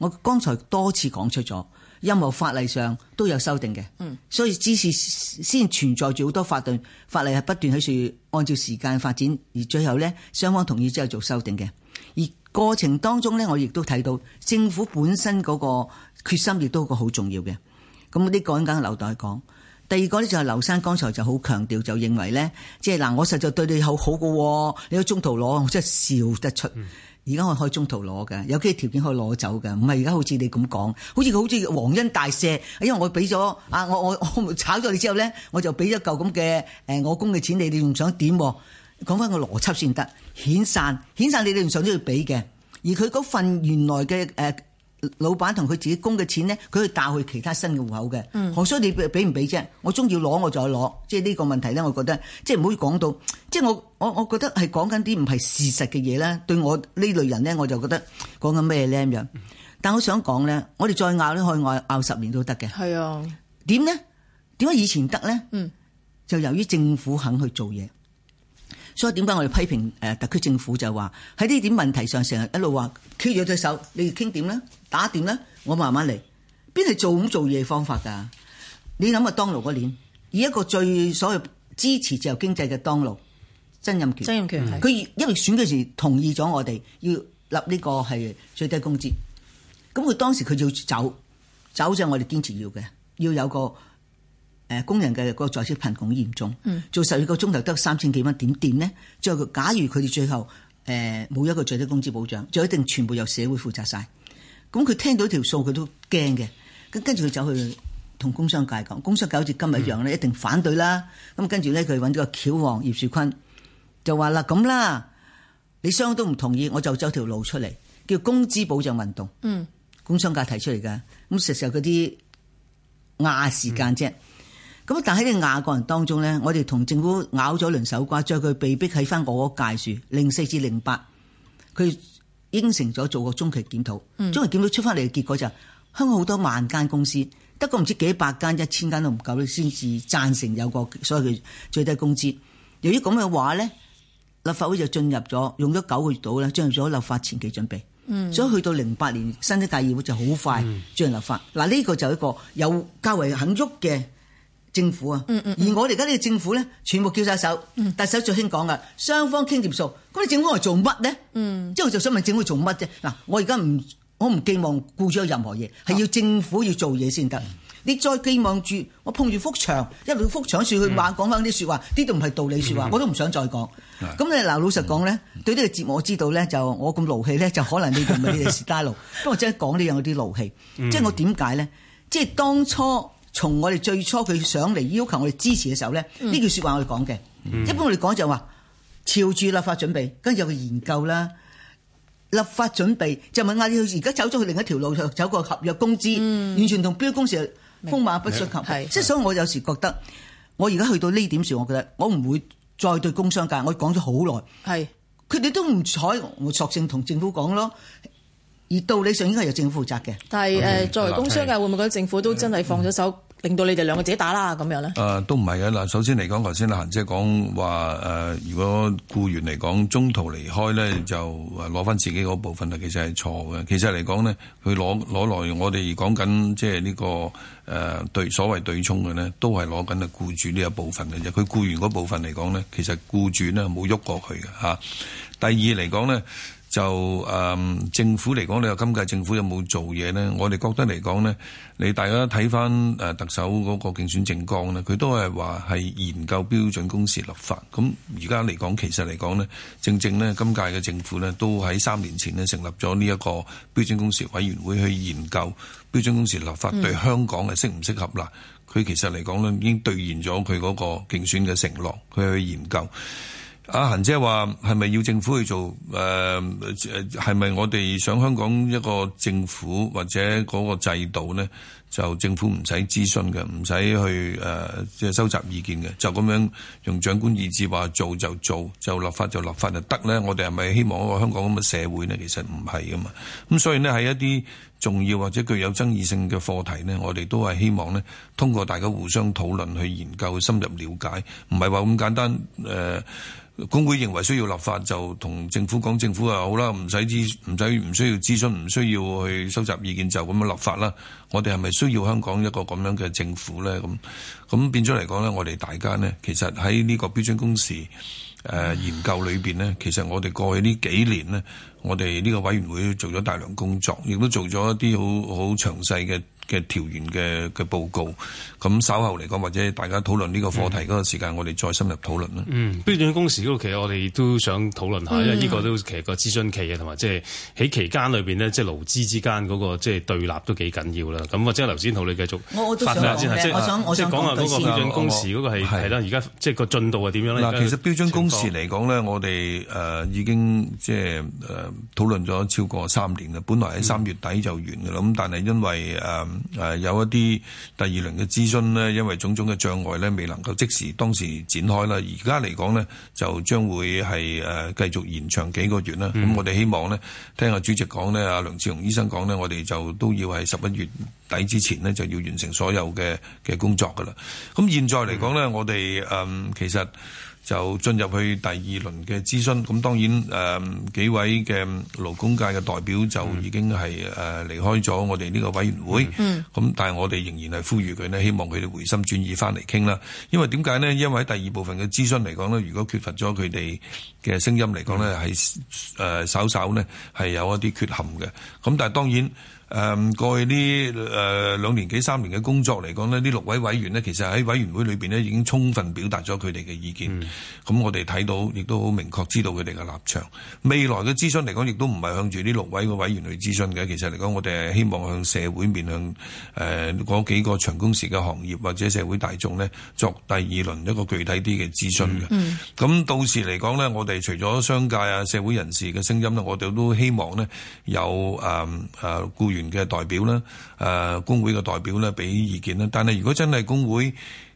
我剛才多次講出咗，任何法例上都有修訂嘅，所以只是先存在住好多法律法例係不斷喺處按照時間發展，而最後咧雙方同意之後做修訂嘅。而過程當中咧，我亦都睇到政府本身嗰個決心亦都個好重要嘅。咁呢個緊緊留待講。第二個咧就係劉生剛才就好強調，就認為咧，即係嗱，我實在對你好好嘅，你喺中途攞，我真係笑得出。而家可以中途攞嘅，有機條件可以攞走嘅，唔係而家好似你咁講，好似佢好似黃恩大赦，因為我俾咗啊，我我我，我炒咗你之後咧，我就俾咗嚿咁嘅誒，我供嘅錢你，你哋仲想點？講翻個邏輯先得，遣散遣散你哋唔想都要俾嘅，而佢嗰份原來嘅老闆同佢自己供嘅錢咧，佢去帶去其他新嘅戶口嘅，嗯、何須你俾唔俾啫？我鍾意攞我再攞，即係呢個問題咧，我覺得即係唔好講到，即係我我我覺得係講緊啲唔係事實嘅嘢啦。對我呢類人咧，我就覺得講緊咩咧咁樣。但係我想講咧，我哋再拗咧，可以拗十年都得嘅。係啊，點咧？點解以前得咧？嗯，就由於政府肯去做嘢。所以點解我哋批評誒特區政府，就係話喺呢啲問題上成日一路話缺住隻手。你哋傾點咧，打點咧，我慢慢嚟。邊係做咁做嘢方法㗎？你諗下當勞嗰年，以一個最所謂支持自由經濟嘅當勞，曾蔭權。曾蔭權係佢因為選嘅時同意咗我哋要立呢個係最低工資。咁佢當時佢要走，走就係我哋堅持要嘅，要有個。誒工人嘅個在職貧窮嚴重，做十二個鐘頭得三千幾蚊，點點咧？即係假如佢哋最後誒冇一個最低工資保障，就一定全部由社會負責晒。咁佢聽到這條數佢都驚嘅，咁跟住佢走去同工商界講，工商界好似今日一樣咧，一定反對啦。咁、嗯、跟住咧，佢揾咗個橋王葉樹坤，就話啦：咁啦，你商都唔同意，我就走條路出嚟，叫工資保障運動。嗯，工商界提出嚟噶，咁實實嗰啲壓時間啫。嗯嗯咁但喺啲亞國人當中咧，我哋同政府拗咗輪手瓜，將佢被逼喺翻我嗰屆處零四至零八，佢應承咗做個中期檢討。中期檢討出翻嚟嘅結果就係、香港好多萬間公司，得個唔知幾百間、一千間都唔夠，先至贊成有個所謂嘅最低工資。由於咁嘅話咧，立法會就進入咗用咗九個月度啦，進入咗立法前期準備。嗯、所以去到零八年新一屆議會就好快進行立法。嗱呢、嗯、個就係一個有較為肯喐嘅。政府啊，而我哋而家呢個政府咧，全部叫晒手，特首最興講嘅，雙方傾掂數。咁你政府係做乜咧？即係我就想問政府做乜啫？嗱，我而家唔，我唔寄望顧住任何嘢，係要政府要做嘢先得。你再寄望住我碰住幅牆，一路幅牆樹去話講翻啲說話，呢度唔係道理説話，我都唔想再講。咁你嗱，老實講咧，對呢個節目我知道咧，就我咁勞氣咧，就可能你同佢啲事代路。不過即係講呢樣啲勞氣，即係我點解咧？即係當初。從我哋最初佢上嚟要求我哋支持嘅時候咧，呢、嗯、句話們說話我哋講嘅，嗯、一般我哋講就話、是、朝住立法準備，跟住有個研究啦，立法準備就問嗌你而家走咗去另一條路，就走個合約工資，嗯、完全同標工時風馬不相及。即係白所以我有時覺得，我而家去到呢點時候，我覺得我唔會再對工商界，我講咗好耐，係佢哋都唔睬，我索性同政府講咯。而道理上應該係由政府負責嘅，但係是誒 Okay, 作為工商界是會唔會覺得政府都真係放咗手，是令到你哋兩個自己打啦咁樣咧？誒、啊，都唔係嘅嗱。首先嚟講，頭先阿嫻姐講話，如果僱員嚟講中途離開咧，就攞翻自己嗰部分啊，其實係錯嘅。其實嚟講咧，佢攞攞來我哋講緊即係呢個誒對、呃、所謂對沖嘅咧，都係攞緊僱主呢一部分嘅啫。佢僱員嗰部分嚟講咧，其實僱主咧冇喐過佢嘅嚇。第二嚟講咧。就誒、嗯、政府嚟講咧，你話今屆政府有冇做嘢呢？我哋覺得嚟講呢，你大家睇翻特首嗰個競選政綱呢，佢都係話係研究標準工時立法。咁而家嚟講，其實嚟講呢，正正呢，今屆嘅政府呢都喺三年前呢成立咗呢一個標準工時委員會去研究標準工時立法對香港係適唔適合啦。佢、嗯、其實嚟講呢已經兌現咗佢嗰個競選嘅承諾，佢去研究。阿嫻姐話，係咪要政府去做？誒、呃，係咪我哋想香港一個政府或者嗰個制度咧？就政府唔使諮詢嘅，唔使去誒即、呃就是、收集意見嘅，就咁樣用長官意志話做就做，就立法就立法就得呢，我哋係咪希望一個香港咁嘅社會呢？其實唔係㗎嘛。咁所以呢，係一啲重要或者具有爭議性嘅課題呢，我哋都係希望呢，通過大家互相討論去研究、深入了解，唔係話咁簡單。誒、呃，工會認為需要立法就同政府講，政府就好啦，唔使諮，唔使唔需要諮詢，唔需要去收集意見，就咁樣立法啦。我哋係咪需要香港一個咁樣嘅政府呢？咁，咁變咗嚟講呢，我哋大家呢，其實喺呢個標準工時誒、呃、研究裏面呢，其實我哋過去呢幾年呢，我哋呢個委員會做咗大量工作，亦都做咗一啲好好詳細嘅。嘅條文嘅嘅報告，咁稍後嚟講或者大家討論呢個課題嗰個時間，我哋再深入討論啦。嗯，標準工時嗰個其實我哋都想討論下，因為呢個都其實個諮詢期啊，同埋即係喺期間裏面呢，即係勞資之間嗰個即係對立都幾緊要啦。咁或者頭先討論你繼續，我我都想即係即係講下嗰個標準工時嗰個係係啦，而家即係個進度係點樣呢？嗱，其實標準工時嚟講呢，我哋誒已經即係誒討論咗超過三年啦。本來喺三月底就完噶啦，咁但係因為誒誒有一啲第二輪嘅諮詢呢，因為種種嘅障礙呢未能夠即時當時展開啦。而家嚟講呢就將會係誒繼續延長幾個月啦。咁、嗯、我哋希望呢，聽阿主席講呢，阿梁志雄醫生講呢，我哋就都要喺十一月底之前呢就要完成所有嘅嘅工作噶啦。咁現在嚟講呢，我哋誒、嗯、其實。就進入去第二輪嘅諮詢，咁當然誒、呃、幾位嘅勞工界嘅代表就已經係誒、呃、離開咗我哋呢個委員會，咁、嗯嗯、但係我哋仍然係呼籲佢呢，希望佢哋回心轉意翻嚟傾啦。因為點解呢？因為喺第二部分嘅諮詢嚟講呢，如果缺乏咗佢哋嘅聲音嚟講呢，係誒稍稍係有一啲缺陷嘅。咁但係當然。誒過去呢誒兩年幾三年嘅工作嚟講咧，呢六位委員咧，其實喺委員會裏邊咧已經充分表達咗佢哋嘅意見，咁、嗯、我哋睇到，亦都好明確知道佢哋嘅立場，未來嘅諮詢嚟講亦都唔係向住呢六位嘅委員去諮詢嘅。其實嚟講我哋係希望向社會面向誒、呃、幾個長工時嘅行業或者社會大眾咧，作第二輪一個具體啲嘅諮詢，嘅、嗯。咁、嗯、到時嚟講咧，我哋除咗商界啊、社會人士嘅聲音咧，我哋都希望咧有誒誒、呃呃、僱員。嘅代表啦，誒工會嘅代表咧，俾意見啦。但係如果真係工會。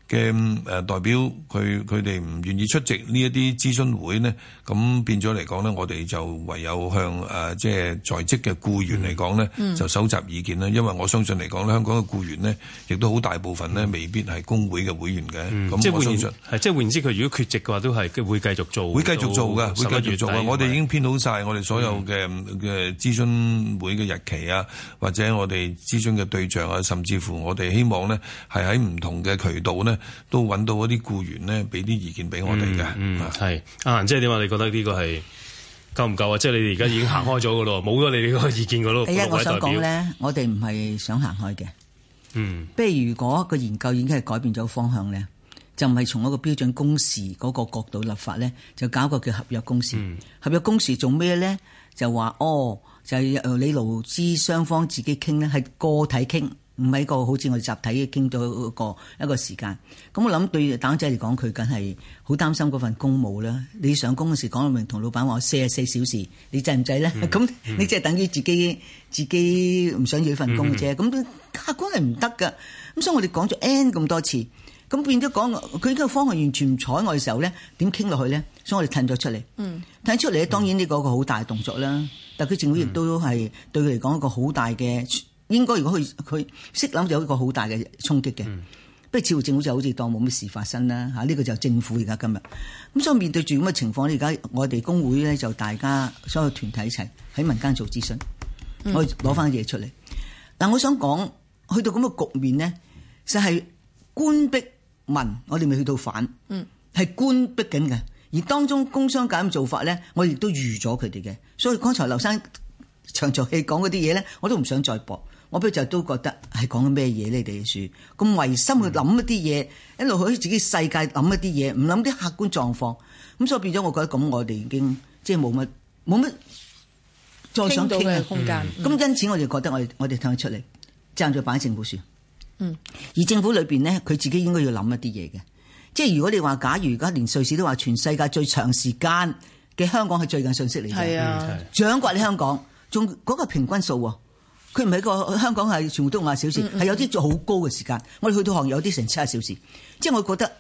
嘅誒、呃、代表，佢佢哋唔願意出席呢一啲諮詢會咧，咁變咗嚟講咧，我哋就唯有向誒、呃、即係在職嘅僱員嚟講咧，嗯、就搜集意見啦，因為我相信嚟講咧，香港嘅僱員咧，亦都好大部分咧，嗯、未必係工會嘅會員嘅。咁即係換言之，係即係換言之，佢如果缺席嘅話都係會繼續做，會繼續做，會繼續做嘅，會繼續做嘅。為我哋已經編好晒我哋所有嘅嘅、嗯、諮詢會嘅日期啊，或者我哋諮詢嘅對象啊，甚至乎我哋希望咧係喺唔同嘅渠道咧。都揾到嗰啲僱員咧，俾啲意見俾我哋嘅，係阿即係點啊？你覺得呢個係夠唔夠啊？嗯、即係你哋而家已經行開咗嘅咯，冇咗、嗯、你哋嗰個意見嘅咯。第一，我想講咧，我哋唔係想行開嘅。嗯，譬如如果個研究已經係改變咗方向咧，就唔係從一個標準工時嗰個角度立法咧，就搞一個叫合約工時。嗯、合約工時做咩咧？就話哦，就係你勞資雙方自己傾咧，係個體傾。唔係個好似我哋集體傾到一個一個時間，咁我諗對打工仔嚟講，佢梗係好擔心嗰份工務啦。你上工嗰時候講到明同老闆話四十四小時，你制唔制咧？咁、嗯嗯、 你即係等於自己自己唔想要份工嘅啫。咁、嗯、客觀係唔得噶。咁所以我哋講咗 N 咁多次，咁變咗講佢依個方案完全唔睬我嘅時候咧，點傾落去咧？所以我哋褪咗出嚟。褪出嚟咧，當然呢個個好大動作啦。嗯、但佢政府亦都係對佢嚟講一個好大嘅。應該如果佢佢識諗，就有一個好大嘅衝擊嘅。不過、嗯，似乎政府就好似當冇咩事發生啦嚇。呢、這個就是政府而家今日咁，所以面對住咁嘅情況咧，而家我哋工會咧就大家所有團體一齊喺民間做諮詢，我攞翻嘢出嚟。嗱、嗯呃，我想講去到咁嘅局面咧，就係官逼民，我哋未去到反，係、嗯、官逼緊嘅。而當中工商界嘅做法咧，我亦都預咗佢哋嘅。所以剛才劉生長長氣講嗰啲嘢咧，我都唔想再駁。我不就都覺得係講緊咩嘢咧？你哋嘅書咁唯心去諗一啲嘢，一路去自己世界諗一啲嘢，唔諗啲客觀狀況，咁所以變咗我覺得咁，我哋已經即係冇乜冇乜再想傾嘅空間。咁、嗯嗯、因此我哋覺得我哋我哋睇得出嚟，爭咗擺政府書。嗯，而政府裏邊咧，佢自己應該要諗一啲嘢嘅。即係如果你話，假如而家連瑞士都話全世界最長時間嘅香港係最近信息嚟嘅，啊，掌握喺香港，仲、那、嗰個平均數喎。佢唔係一個香港係全部都五十小時，係、嗯、有啲做好高嘅時間。嗯、我哋去到韓國有啲成七十小時，即係我覺得，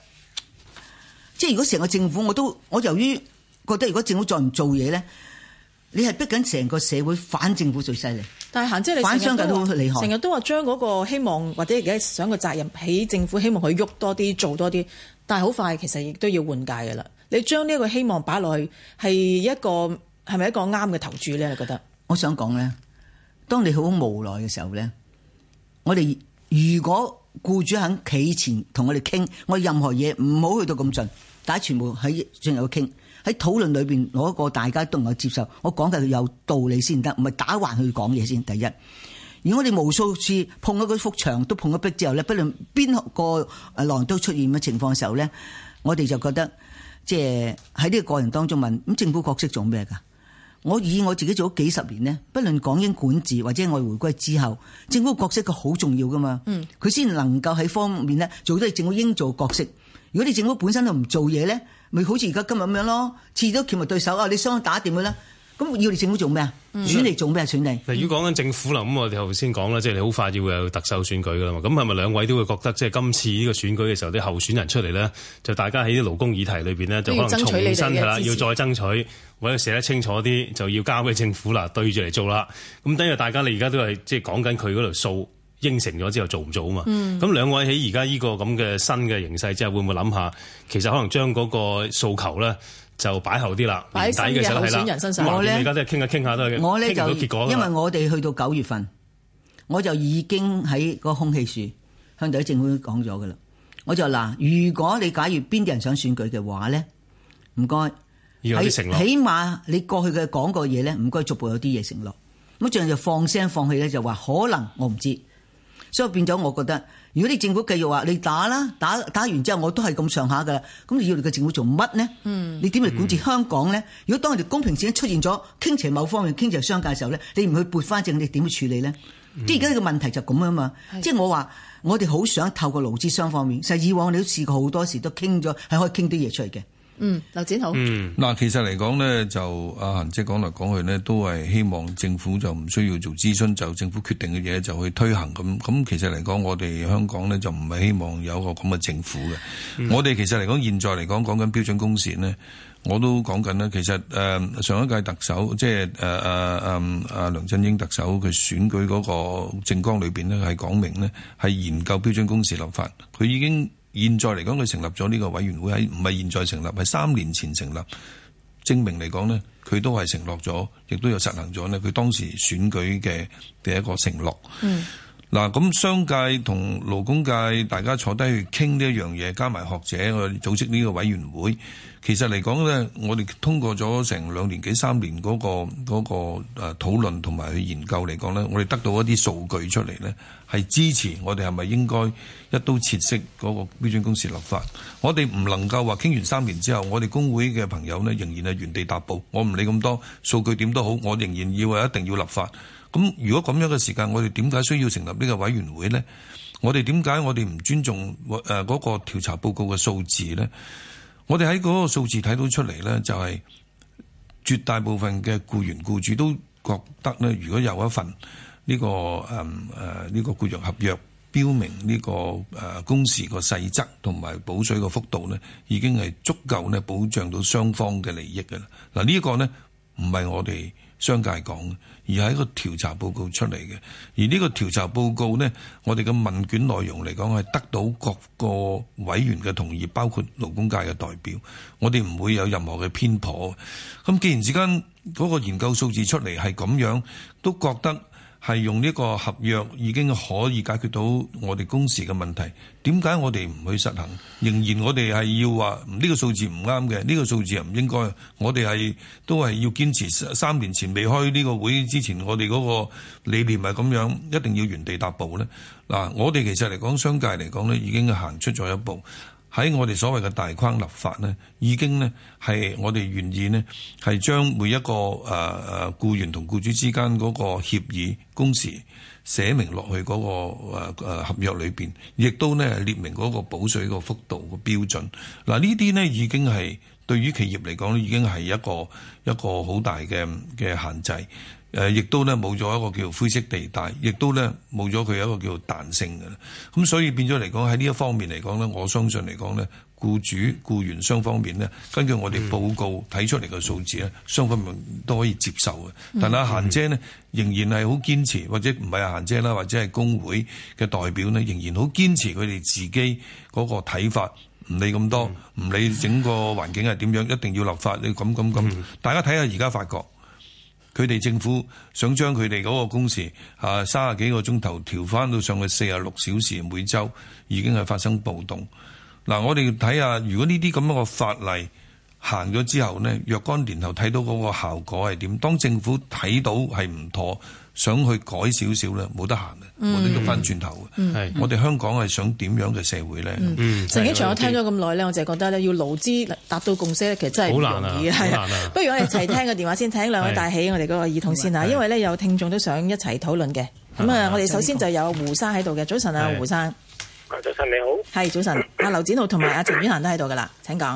即係如果成個政府我都我由於覺得如果政府再唔做嘢咧，你係逼緊成個社會反政府最犀利。但係行即你反商界都好厲害。成日都話將嗰個希望或者而家想個責任喺政府，希望佢喐多啲做多啲，但係好快其實亦都要換屆噶啦。你將呢一個希望擺落去係一個係咪一個啱嘅投注咧？我覺得我想講咧。當你好無奈嘅時候咧，我哋如果僱主肯企前同我哋傾，我任何嘢唔好去到咁盡，大家全部喺進入傾，喺討論裏邊攞一個大家都能夠接受，我講嘅有道理先得，唔係打橫去講嘢先。第一，而我哋無數次碰咗嗰幅牆，都碰咗壁之後咧，不論邊個狼都出現嘅情況嘅時候咧，我哋就覺得即係喺呢個過程當中問，咁、嗯、政府角色做咩噶？我以我自己做咗幾十年呢，不論港英管治或者我回歸之後，政府角色佢好重要噶嘛，佢先、嗯、能夠喺方面呢，做到政府應做角色。如果你政府本身都唔做嘢咧，咪好似而家今日咁樣咯，次都強弱對手啊，你想打掂佢啦，咁要你政府做咩啊？選嚟、嗯、做咩啊？選嚟。如果講緊政府啦，咁我哋頭先講啦，即係你好快要會有特首選舉噶啦嘛。咁係咪兩位都會覺得即係、就是、今次呢個選舉嘅時候啲候選人出嚟咧，就大家喺啲勞工議題裏面呢，就可能重新係啦，要，要再爭取。我要寫得清楚啲，就要交俾政府啦，對住嚟做啦。咁等於大家你而家都係即係講緊佢嗰條數應承咗之後做唔做啊嘛。咁、嗯、兩位喺而家呢個咁嘅新嘅形勢之下，會唔會諗下其實可能將嗰個訴求咧就擺後啲啦？擺喺嘅候選人身上。我咧而家都係傾下傾下都，我咧呢就果，因為我哋去到九月份，我就已經喺個空氣樹向地政府講咗㗎啦。我就話嗱，如果你假如邊啲人想選舉嘅話咧，唔該。要有些起碼你過去嘅講過嘢咧，唔該逐步有啲嘢承諾。咁最後就放聲放棄咧，就話可能我唔知，所以變咗我覺得，如果你政府繼續話你打啦，打打完之後我都係咁上下噶啦，咁你要你嘅政府做乜呢？嗯、你點嚟管治香港呢？如果當我哋公平線出現咗傾斜某方面，傾斜，某方面傾斜商界嘅時候咧，你唔去撥翻正，你點去處理呢？即係而家呢個問題就咁樣嘛。即係的我話我哋好想透過勞資雙方面，其實以往你都試過好多時都傾咗係可以傾啲嘢出嚟嘅。嗯，劉展灝。嗯，嗱，其實嚟講呢，就阿嫻姐講來講去呢，都係希望政府就唔需要做諮詢，就政府決定嘅嘢，就去推行咁。咁其實嚟講，我哋香港呢，就唔係希望有個咁嘅政府嘅。嗯、我哋其實嚟講，現在嚟講講緊標準工時呢，我都講緊呢。其實誒、呃，上一屆特首即係誒誒誒，梁振英特首佢選舉嗰個政綱裏邊呢，係講明呢，係研究標準工時立法，佢已經。現在嚟講，佢成立咗呢個委員會，喺唔係現在成立，係三年前成立，證明嚟講呢，佢都係承諾咗，亦都有實行咗呢，佢當時選舉嘅嘅一個承諾。嗯嗱，咁商界同勞工界大家坐低去傾呢一樣嘢，加埋學者去組織呢個委員會。其實嚟講咧，我哋通過咗成兩年幾三年嗰個嗰個誒討論同埋去研究嚟講咧，我哋得到一啲數據出嚟咧，係支持我哋係咪應該一刀切息嗰個標準工時立法？我哋唔能夠話傾完三年之後，我哋工會嘅朋友咧仍然係原地踏步。我唔理咁多數據點都好，我仍然認為一定要立法。咁如果咁樣嘅時間，我哋點解需要成立呢個委員會呢？我哋點解我哋唔尊重嗰個調查報告嘅數字呢？我哋喺嗰個數字睇到出嚟呢，就係、是、絕大部分嘅雇員、雇主都覺得呢，如果有一份呢、這個誒呢、嗯啊這個雇傭合約標明呢、這個誒工時個細則同埋補水個幅度呢，已經係足夠呢保障到雙方嘅利益嘅啦。嗱、這個、呢個個唔係我哋。商界講，而係一個調查報告出嚟嘅。而呢個調查報告咧，我哋嘅問卷內容嚟講，係得到各個委員嘅同意，包括勞工界嘅代表，我哋唔會有任何嘅偏頗，咁既然之間嗰個研究數字出嚟係咁樣都覺得。係用呢個合約已經可以解決到我哋工時嘅問題，點解我哋唔去實行？仍然我哋係要話呢個數字唔啱嘅，呢個數字又唔應該。我哋係都係要堅持三年前未開呢個會之前，我哋嗰個理念係咁樣，一定要原地踏步呢，嗱，我哋其實嚟講，商界嚟講呢已經行出咗一步。喺我哋所謂嘅大框立法呢，已經呢係我哋願意呢係將每一個誒誒僱員同僱主之間嗰個協議工時寫明落去嗰個誒合約裏面，亦都呢列明嗰個補水個幅度個標準。嗱呢啲呢已經係對於企業嚟講，已經係一個一個好大嘅嘅限制。誒，亦都咧冇咗一個叫灰色地帶，亦都咧冇咗佢一個叫彈性嘅。咁所以變咗嚟講喺呢一方面嚟講咧，我相信嚟講咧，僱主、僱員雙方面咧，根據我哋報告睇出嚟嘅數字咧，嗯、雙方面都可以接受嘅。但阿行姐阿嫻姐呢，仍然係好堅持，或者唔係阿嫻姐啦，或者係工會嘅代表呢，仍然好堅持佢哋自己嗰個睇法，唔理咁多，唔理整個環境係點樣，一定要立法。你咁咁咁，嗯、大家睇下而家發覺。佢哋政府想將佢哋嗰個工時啊，三十幾個鐘頭調返到上去四十六小時每週，已經係發生暴動。嗱，我哋睇下，如果呢啲咁樣嘅法例行咗之後呢，若干年後睇到嗰個效果係點？當政府睇到係唔妥。想去改少少咧，冇得行嘅，冇得喐翻轉頭嘅。我哋香港係想點樣嘅社會咧？陳景祥，我聽咗咁耐咧，我就覺得咧要勞資達到共識咧，其實真係好難啊！不如我哋一齊聽個電話先，請兩位帶起我哋個耳筒先啊！因為咧有聽眾都想一齊討論嘅。咁啊，我哋首先就有胡生喺度嘅，早晨啊，胡生。早晨你好。係早晨，阿劉展灝同埋阿陳婉嫻都喺度㗎喇。請講。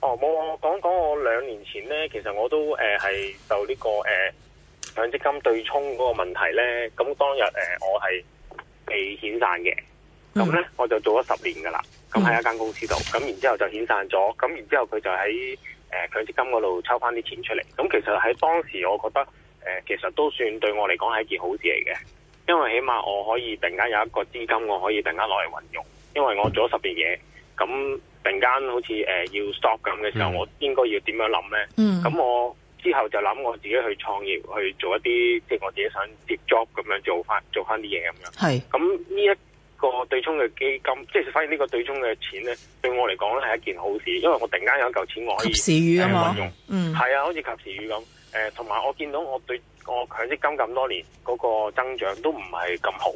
哦，冇，我講講我兩年前呢，其實我都誒係受呢個誒。強積金對沖嗰個問題呢，咁當日誒、呃，我係被遣散嘅，咁呢，我就做咗十年噶啦，咁喺一間公司度，咁然之後就遣散咗，咁然之後佢就喺誒強積金嗰度抽翻啲錢出嚟，咁其實喺當時我覺得誒、呃，其實都算對我嚟講係一件好事嚟嘅，因為起碼我可以突然間有一個資金，我可以突然間攞嚟運用，因為我做咗十年嘢，咁突然間好似誒、呃、要 stop 咁嘅時候，嗯、我應該要點樣諗呢？咁、嗯、我。之後就諗我自己去創業，去做一啲即係我自己想接 job 咁樣做翻做翻啲嘢咁樣。係是，咁呢一個對沖嘅基金，即係發現呢個對沖嘅錢咧，對我嚟講咧係一件好事，因為我突然間有一嚿錢我可以使、欸、用。嗯，係啊，好似及時雨咁。誒、呃，同埋我見到我對我強積金咁多年嗰、那個增長都唔係咁好，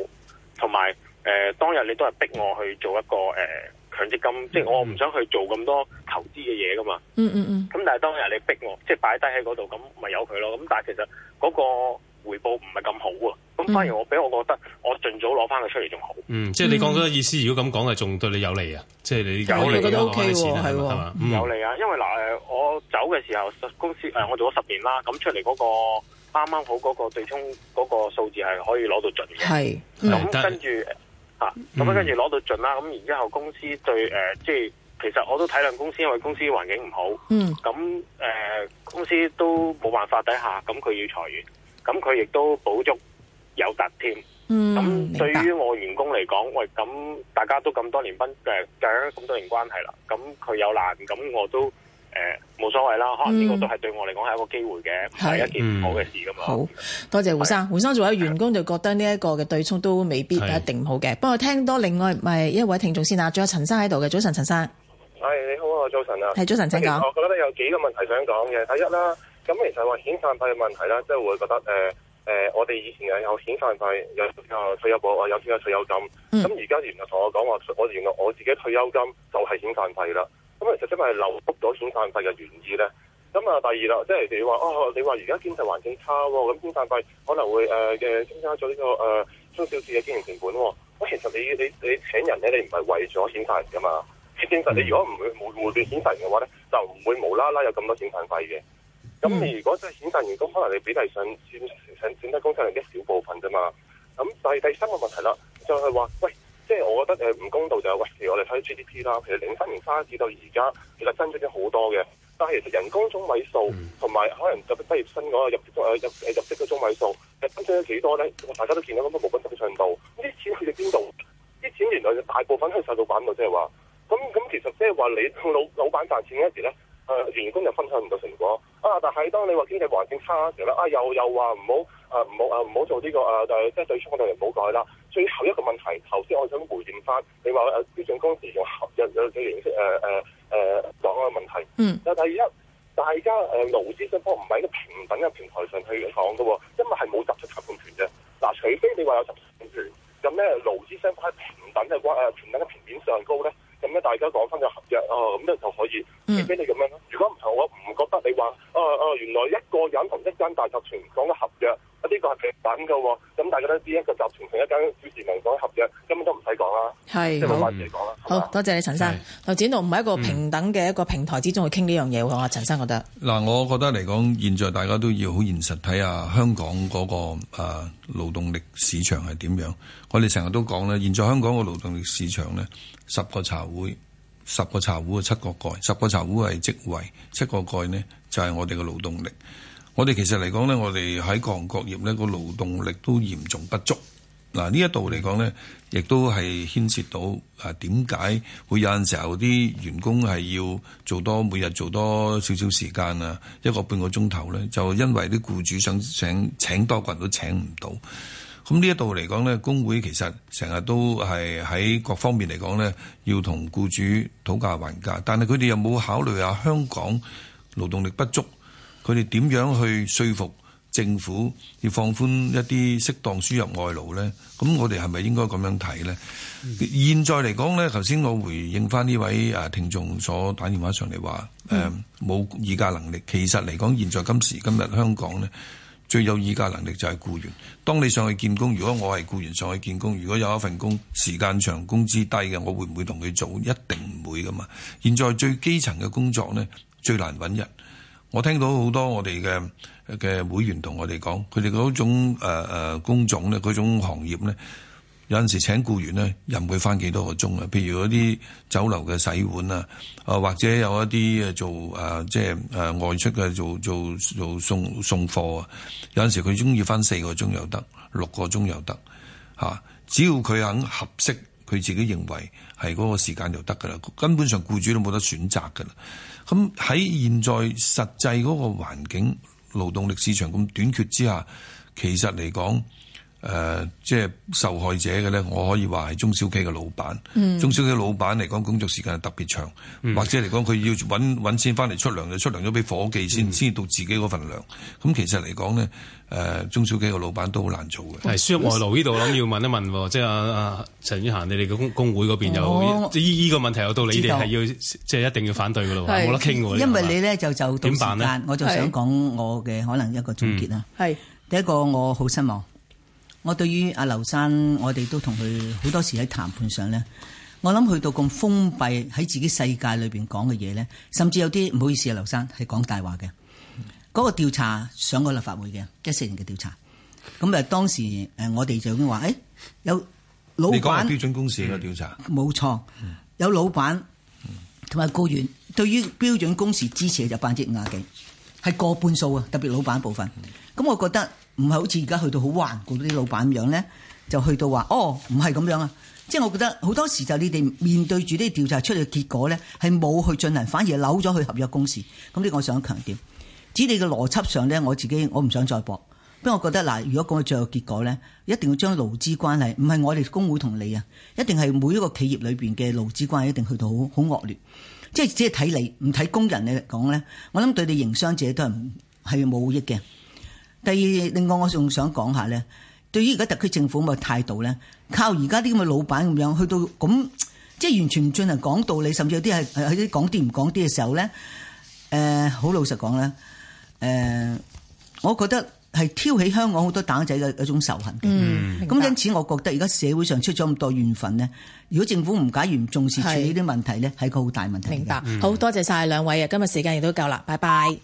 同埋誒當日你都係逼我去做一個誒。嗯強積金，即係我唔想去做咁多投資嘅嘢噶嘛。嗯嗯嗯。咁、嗯、但係當日你逼我，即係擺低喺嗰度，咁咪有佢咯。咁但係其實嗰個回報唔係咁好啊。咁反而我俾我覺得，我盡早攞翻佢出嚟仲好。嗯，即係你講咗個意思，嗯、如果咁講係仲對你有利啊，即係你有利攞翻、啊、錢係嘛？有利啊，因為嗱誒、呃，我走嘅時候，公司誒、呃、我做咗十年啦，咁、嗯、出嚟嗰、嗰個啱啱好嗰、嗰個對沖嗰個數字係可以攞到盡嘅。係，咁跟住。吓，咁、嗯、啊跟住攞到盡啦，咁然之後公司對、呃、即係其實我都體諒公司，因為公司環境唔好，嗯，咁、呃、公司都冇辦法底下，咁佢要裁員，咁佢亦都補足有得添，嗯，咁對於我員工嚟講，明白。喂，咁大家都咁多年、呃、咁多年關係啦，咁佢有難，咁我都。誒，冇所謂啦，可能呢個都係對我嚟講係一個機會嘅，係、嗯、一件唔好嘅事咁嘛。嗯、樣好多謝胡生，是胡生作為員工就覺得呢一個嘅對沖都未必是一定唔好嘅。不過聽多另外唔係一位聽眾先啊，仲有陳生喺度嘅，早晨陳生。係你好啊，早晨啊，係，早晨，請講。我覺得有幾個問題想講嘅，第一啦，咁其實話遣散費嘅問題啦，即、就、係、是、會覺得誒誒、呃呃，我哋以前有遣散費，有有退休保，有有退休金，咁而家原來同我講話，我原來我自己退休金就係遣散費啦。咁其實即係留足咗遣散費嘅原意咧，咁啊第二啦，即係你話，哦，你話而家經濟環境差喎，咁遣散費可能會誒誒增加咗呢個誒中小企嘅經營成本喎。咁其實你你你請人咧，你唔係為咗遣散人噶嘛？事實你如果唔會無無端遣散人嘅話咧，就唔會無啦啦有咁多遣散費嘅。咁如果即係遣散員工，可能你比例上算算算工資人一小部分啫嘛。咁但係第三個問題啦，就係話，喂。即係我覺得唔公道就係，是，喂，譬，哎，如我哋睇 GDP 啦，其實零三年沙士到而家其實增長咗好多嘅，但係其實人工中位數同埋可能特別畢業生嗰個入職入入嘅中位數，增長咗幾多咧？大家都見到咁多分分生嘅到度，啲錢去咗邊度？啲錢原來大部分都係受到版度，即係話咁咁其實即係話你老老闆賺錢嗰時咧，誒、呃、員工就分享唔到成果啊！但係當你話經濟環境差嘅時咧，啊又又話唔好。啊唔好啊唔好做呢個啊，即係、啊這個啊、對沖度人唔好改啦。最後一個問題，頭先我想回應翻，你話誒標準工時用合約嘅形式誒誒誒講嘅問題。嗯，但係第一大家誒、啊、勞資雙方唔喺一個平等嘅平台上去講嘅喎，因為係冇集體裁判權啫。嗱、啊，除非你話有集體裁判權，咁咧勞資雙方喺平等嘅關誒平等嘅平面上高咧。咁咧，大家講翻個合約哦，咁咧就可以俾你咁樣咯。如果唔係，我唔覺得你話哦哦，原來一個人同一間大集團講嘅合約啊，呢個係平等㗎喎。咁大家都知，一個集團同一間小市民講嘅合約根本都唔使講啦，即係冇嘢講啦。好多謝你，陳生。頭先到唔係一個平等嘅一個平台之中去傾呢樣嘢喎。陳生、嗯、覺得嗱，我覺得嚟講，現在大家都要好現實睇下香港嗰、那個誒、呃、勞動力市場係點樣。我哋成日都講咧，現在香港嘅勞動力市場咧。十個茶壺，十個茶壺嘅七個蓋，十個茶壺係職位，七個蓋呢就係我哋嘅勞動力。我哋其實嚟講呢，我哋喺各行各業呢個勞動力都嚴重不足。嗱，呢一度嚟講呢，亦都係牽涉到誒點解會有陣時候啲員工係要做多每日做多少少時間啊，一個半個鐘頭呢，就因為啲僱主想請請多個人都請唔到。咁呢一度嚟講呢，工會其實成日都係喺各方面嚟講呢，要同僱主討價還價。但係佢哋有冇考慮下香港勞動力不足，佢哋點樣去說服政府要放寬一啲適當輸入外勞呢？咁我哋係咪應該咁樣睇呢？嗯、現在嚟講呢，頭先我回應翻呢位啊聽眾所打電話上嚟話冇議價能力。其實嚟講，現在今時今日香港呢。最有議價能力就係僱員。當你上去見工，如果我係僱員上去見工，如果有一份工時間長、工資低嘅，我會唔會同佢做？一定唔會㗎嘛。現在最基層嘅工作呢，最難揾人。我聽到好多我哋嘅嘅會員同我哋講，佢哋嗰種誒、呃、工種呢，嗰種行業呢。有陣時請僱員咧，又唔會翻幾多個鐘啊？譬如嗰啲酒樓嘅洗碗啊，啊或者有一啲做、呃、即係、呃、外出嘅做做做,做,做送送貨啊。有陣時佢中意翻四個鐘又得，六個鐘又得嚇。只要佢肯合適，佢自己認為係嗰個時間就得㗎啦。根本上僱主都冇得選擇㗎啦。咁喺現在實際嗰個環境，勞動力市場咁短缺之下，其實嚟講，誒，即係受害者嘅咧，我可以話係中小企嘅老闆。中小企嘅老闆嚟講，工作時間係特別長，或者嚟講佢要揾揾錢翻嚟出糧，就出糧咗俾伙計先，先至到自己嗰份糧。咁其實嚟講咧，誒中小企嘅老闆都好難做嘅。係輸入外勞呢度，我諗要問一問，即係阿陳婉嫻，你哋嘅工工會嗰邊就呢個問題，又到你哋係要即係一定要反對嘅嘞，冇得傾嘅。因為你咧就就點辦，我就想講我嘅可能一個總結啦。係第一個，我好失望。我對於阿劉生，我哋都同佢好多時喺談判上咧，我諗去到咁封閉喺自己世界裏面講嘅嘢咧，甚至有啲唔好意思啊，劉生係講大話嘅。嗰、嗰個調查上過立法會嘅，一四年嘅調查。咁啊，當時我哋就已經話，有老闆你標準工時嘅調查，冇錯，有老闆同埋僱員對於標準工時支持就百分之五啊幾，係過半數啊，特別老闆部分。咁我覺得。唔係好似而家去到好頑固嗰啲老闆樣樣咧，就去到話哦，唔係咁樣啊！即係我覺得好多時就你哋面對住呢啲調查出嚟嘅結果咧，係冇去進行，反而扭咗去合約公事。咁、這、呢個我想強調，至於你嘅邏輯上咧，我自己我唔想再搏。不過我覺得嗱，如果講到最後結果咧，一定要將勞資關係唔係我哋工會同你啊，一定係每一個企業裏面嘅勞資關係一定去到好好惡劣。即係只係睇你唔睇工人你嚟講咧，我諗對你營商者都係係冇益嘅。第二，另外我仲想講下咧，對於而家特區政府嘅態度咧，靠而家啲咁嘅老闆咁樣去到咁，即係完全唔進行講道理，甚至有啲係係啲講啲唔講啲嘅時候咧，誒、呃，好老實講咧，誒、呃，我覺得係挑起香港好多打工仔嘅一種仇恨嘅。咁、嗯、因此，我覺得而家社會上出咗咁多怨憤咧，如果政府唔解決唔重視處理啲問題咧，係一個好大問題嘅。明白，好多謝晒兩位啊！今日時間亦都夠啦，拜拜。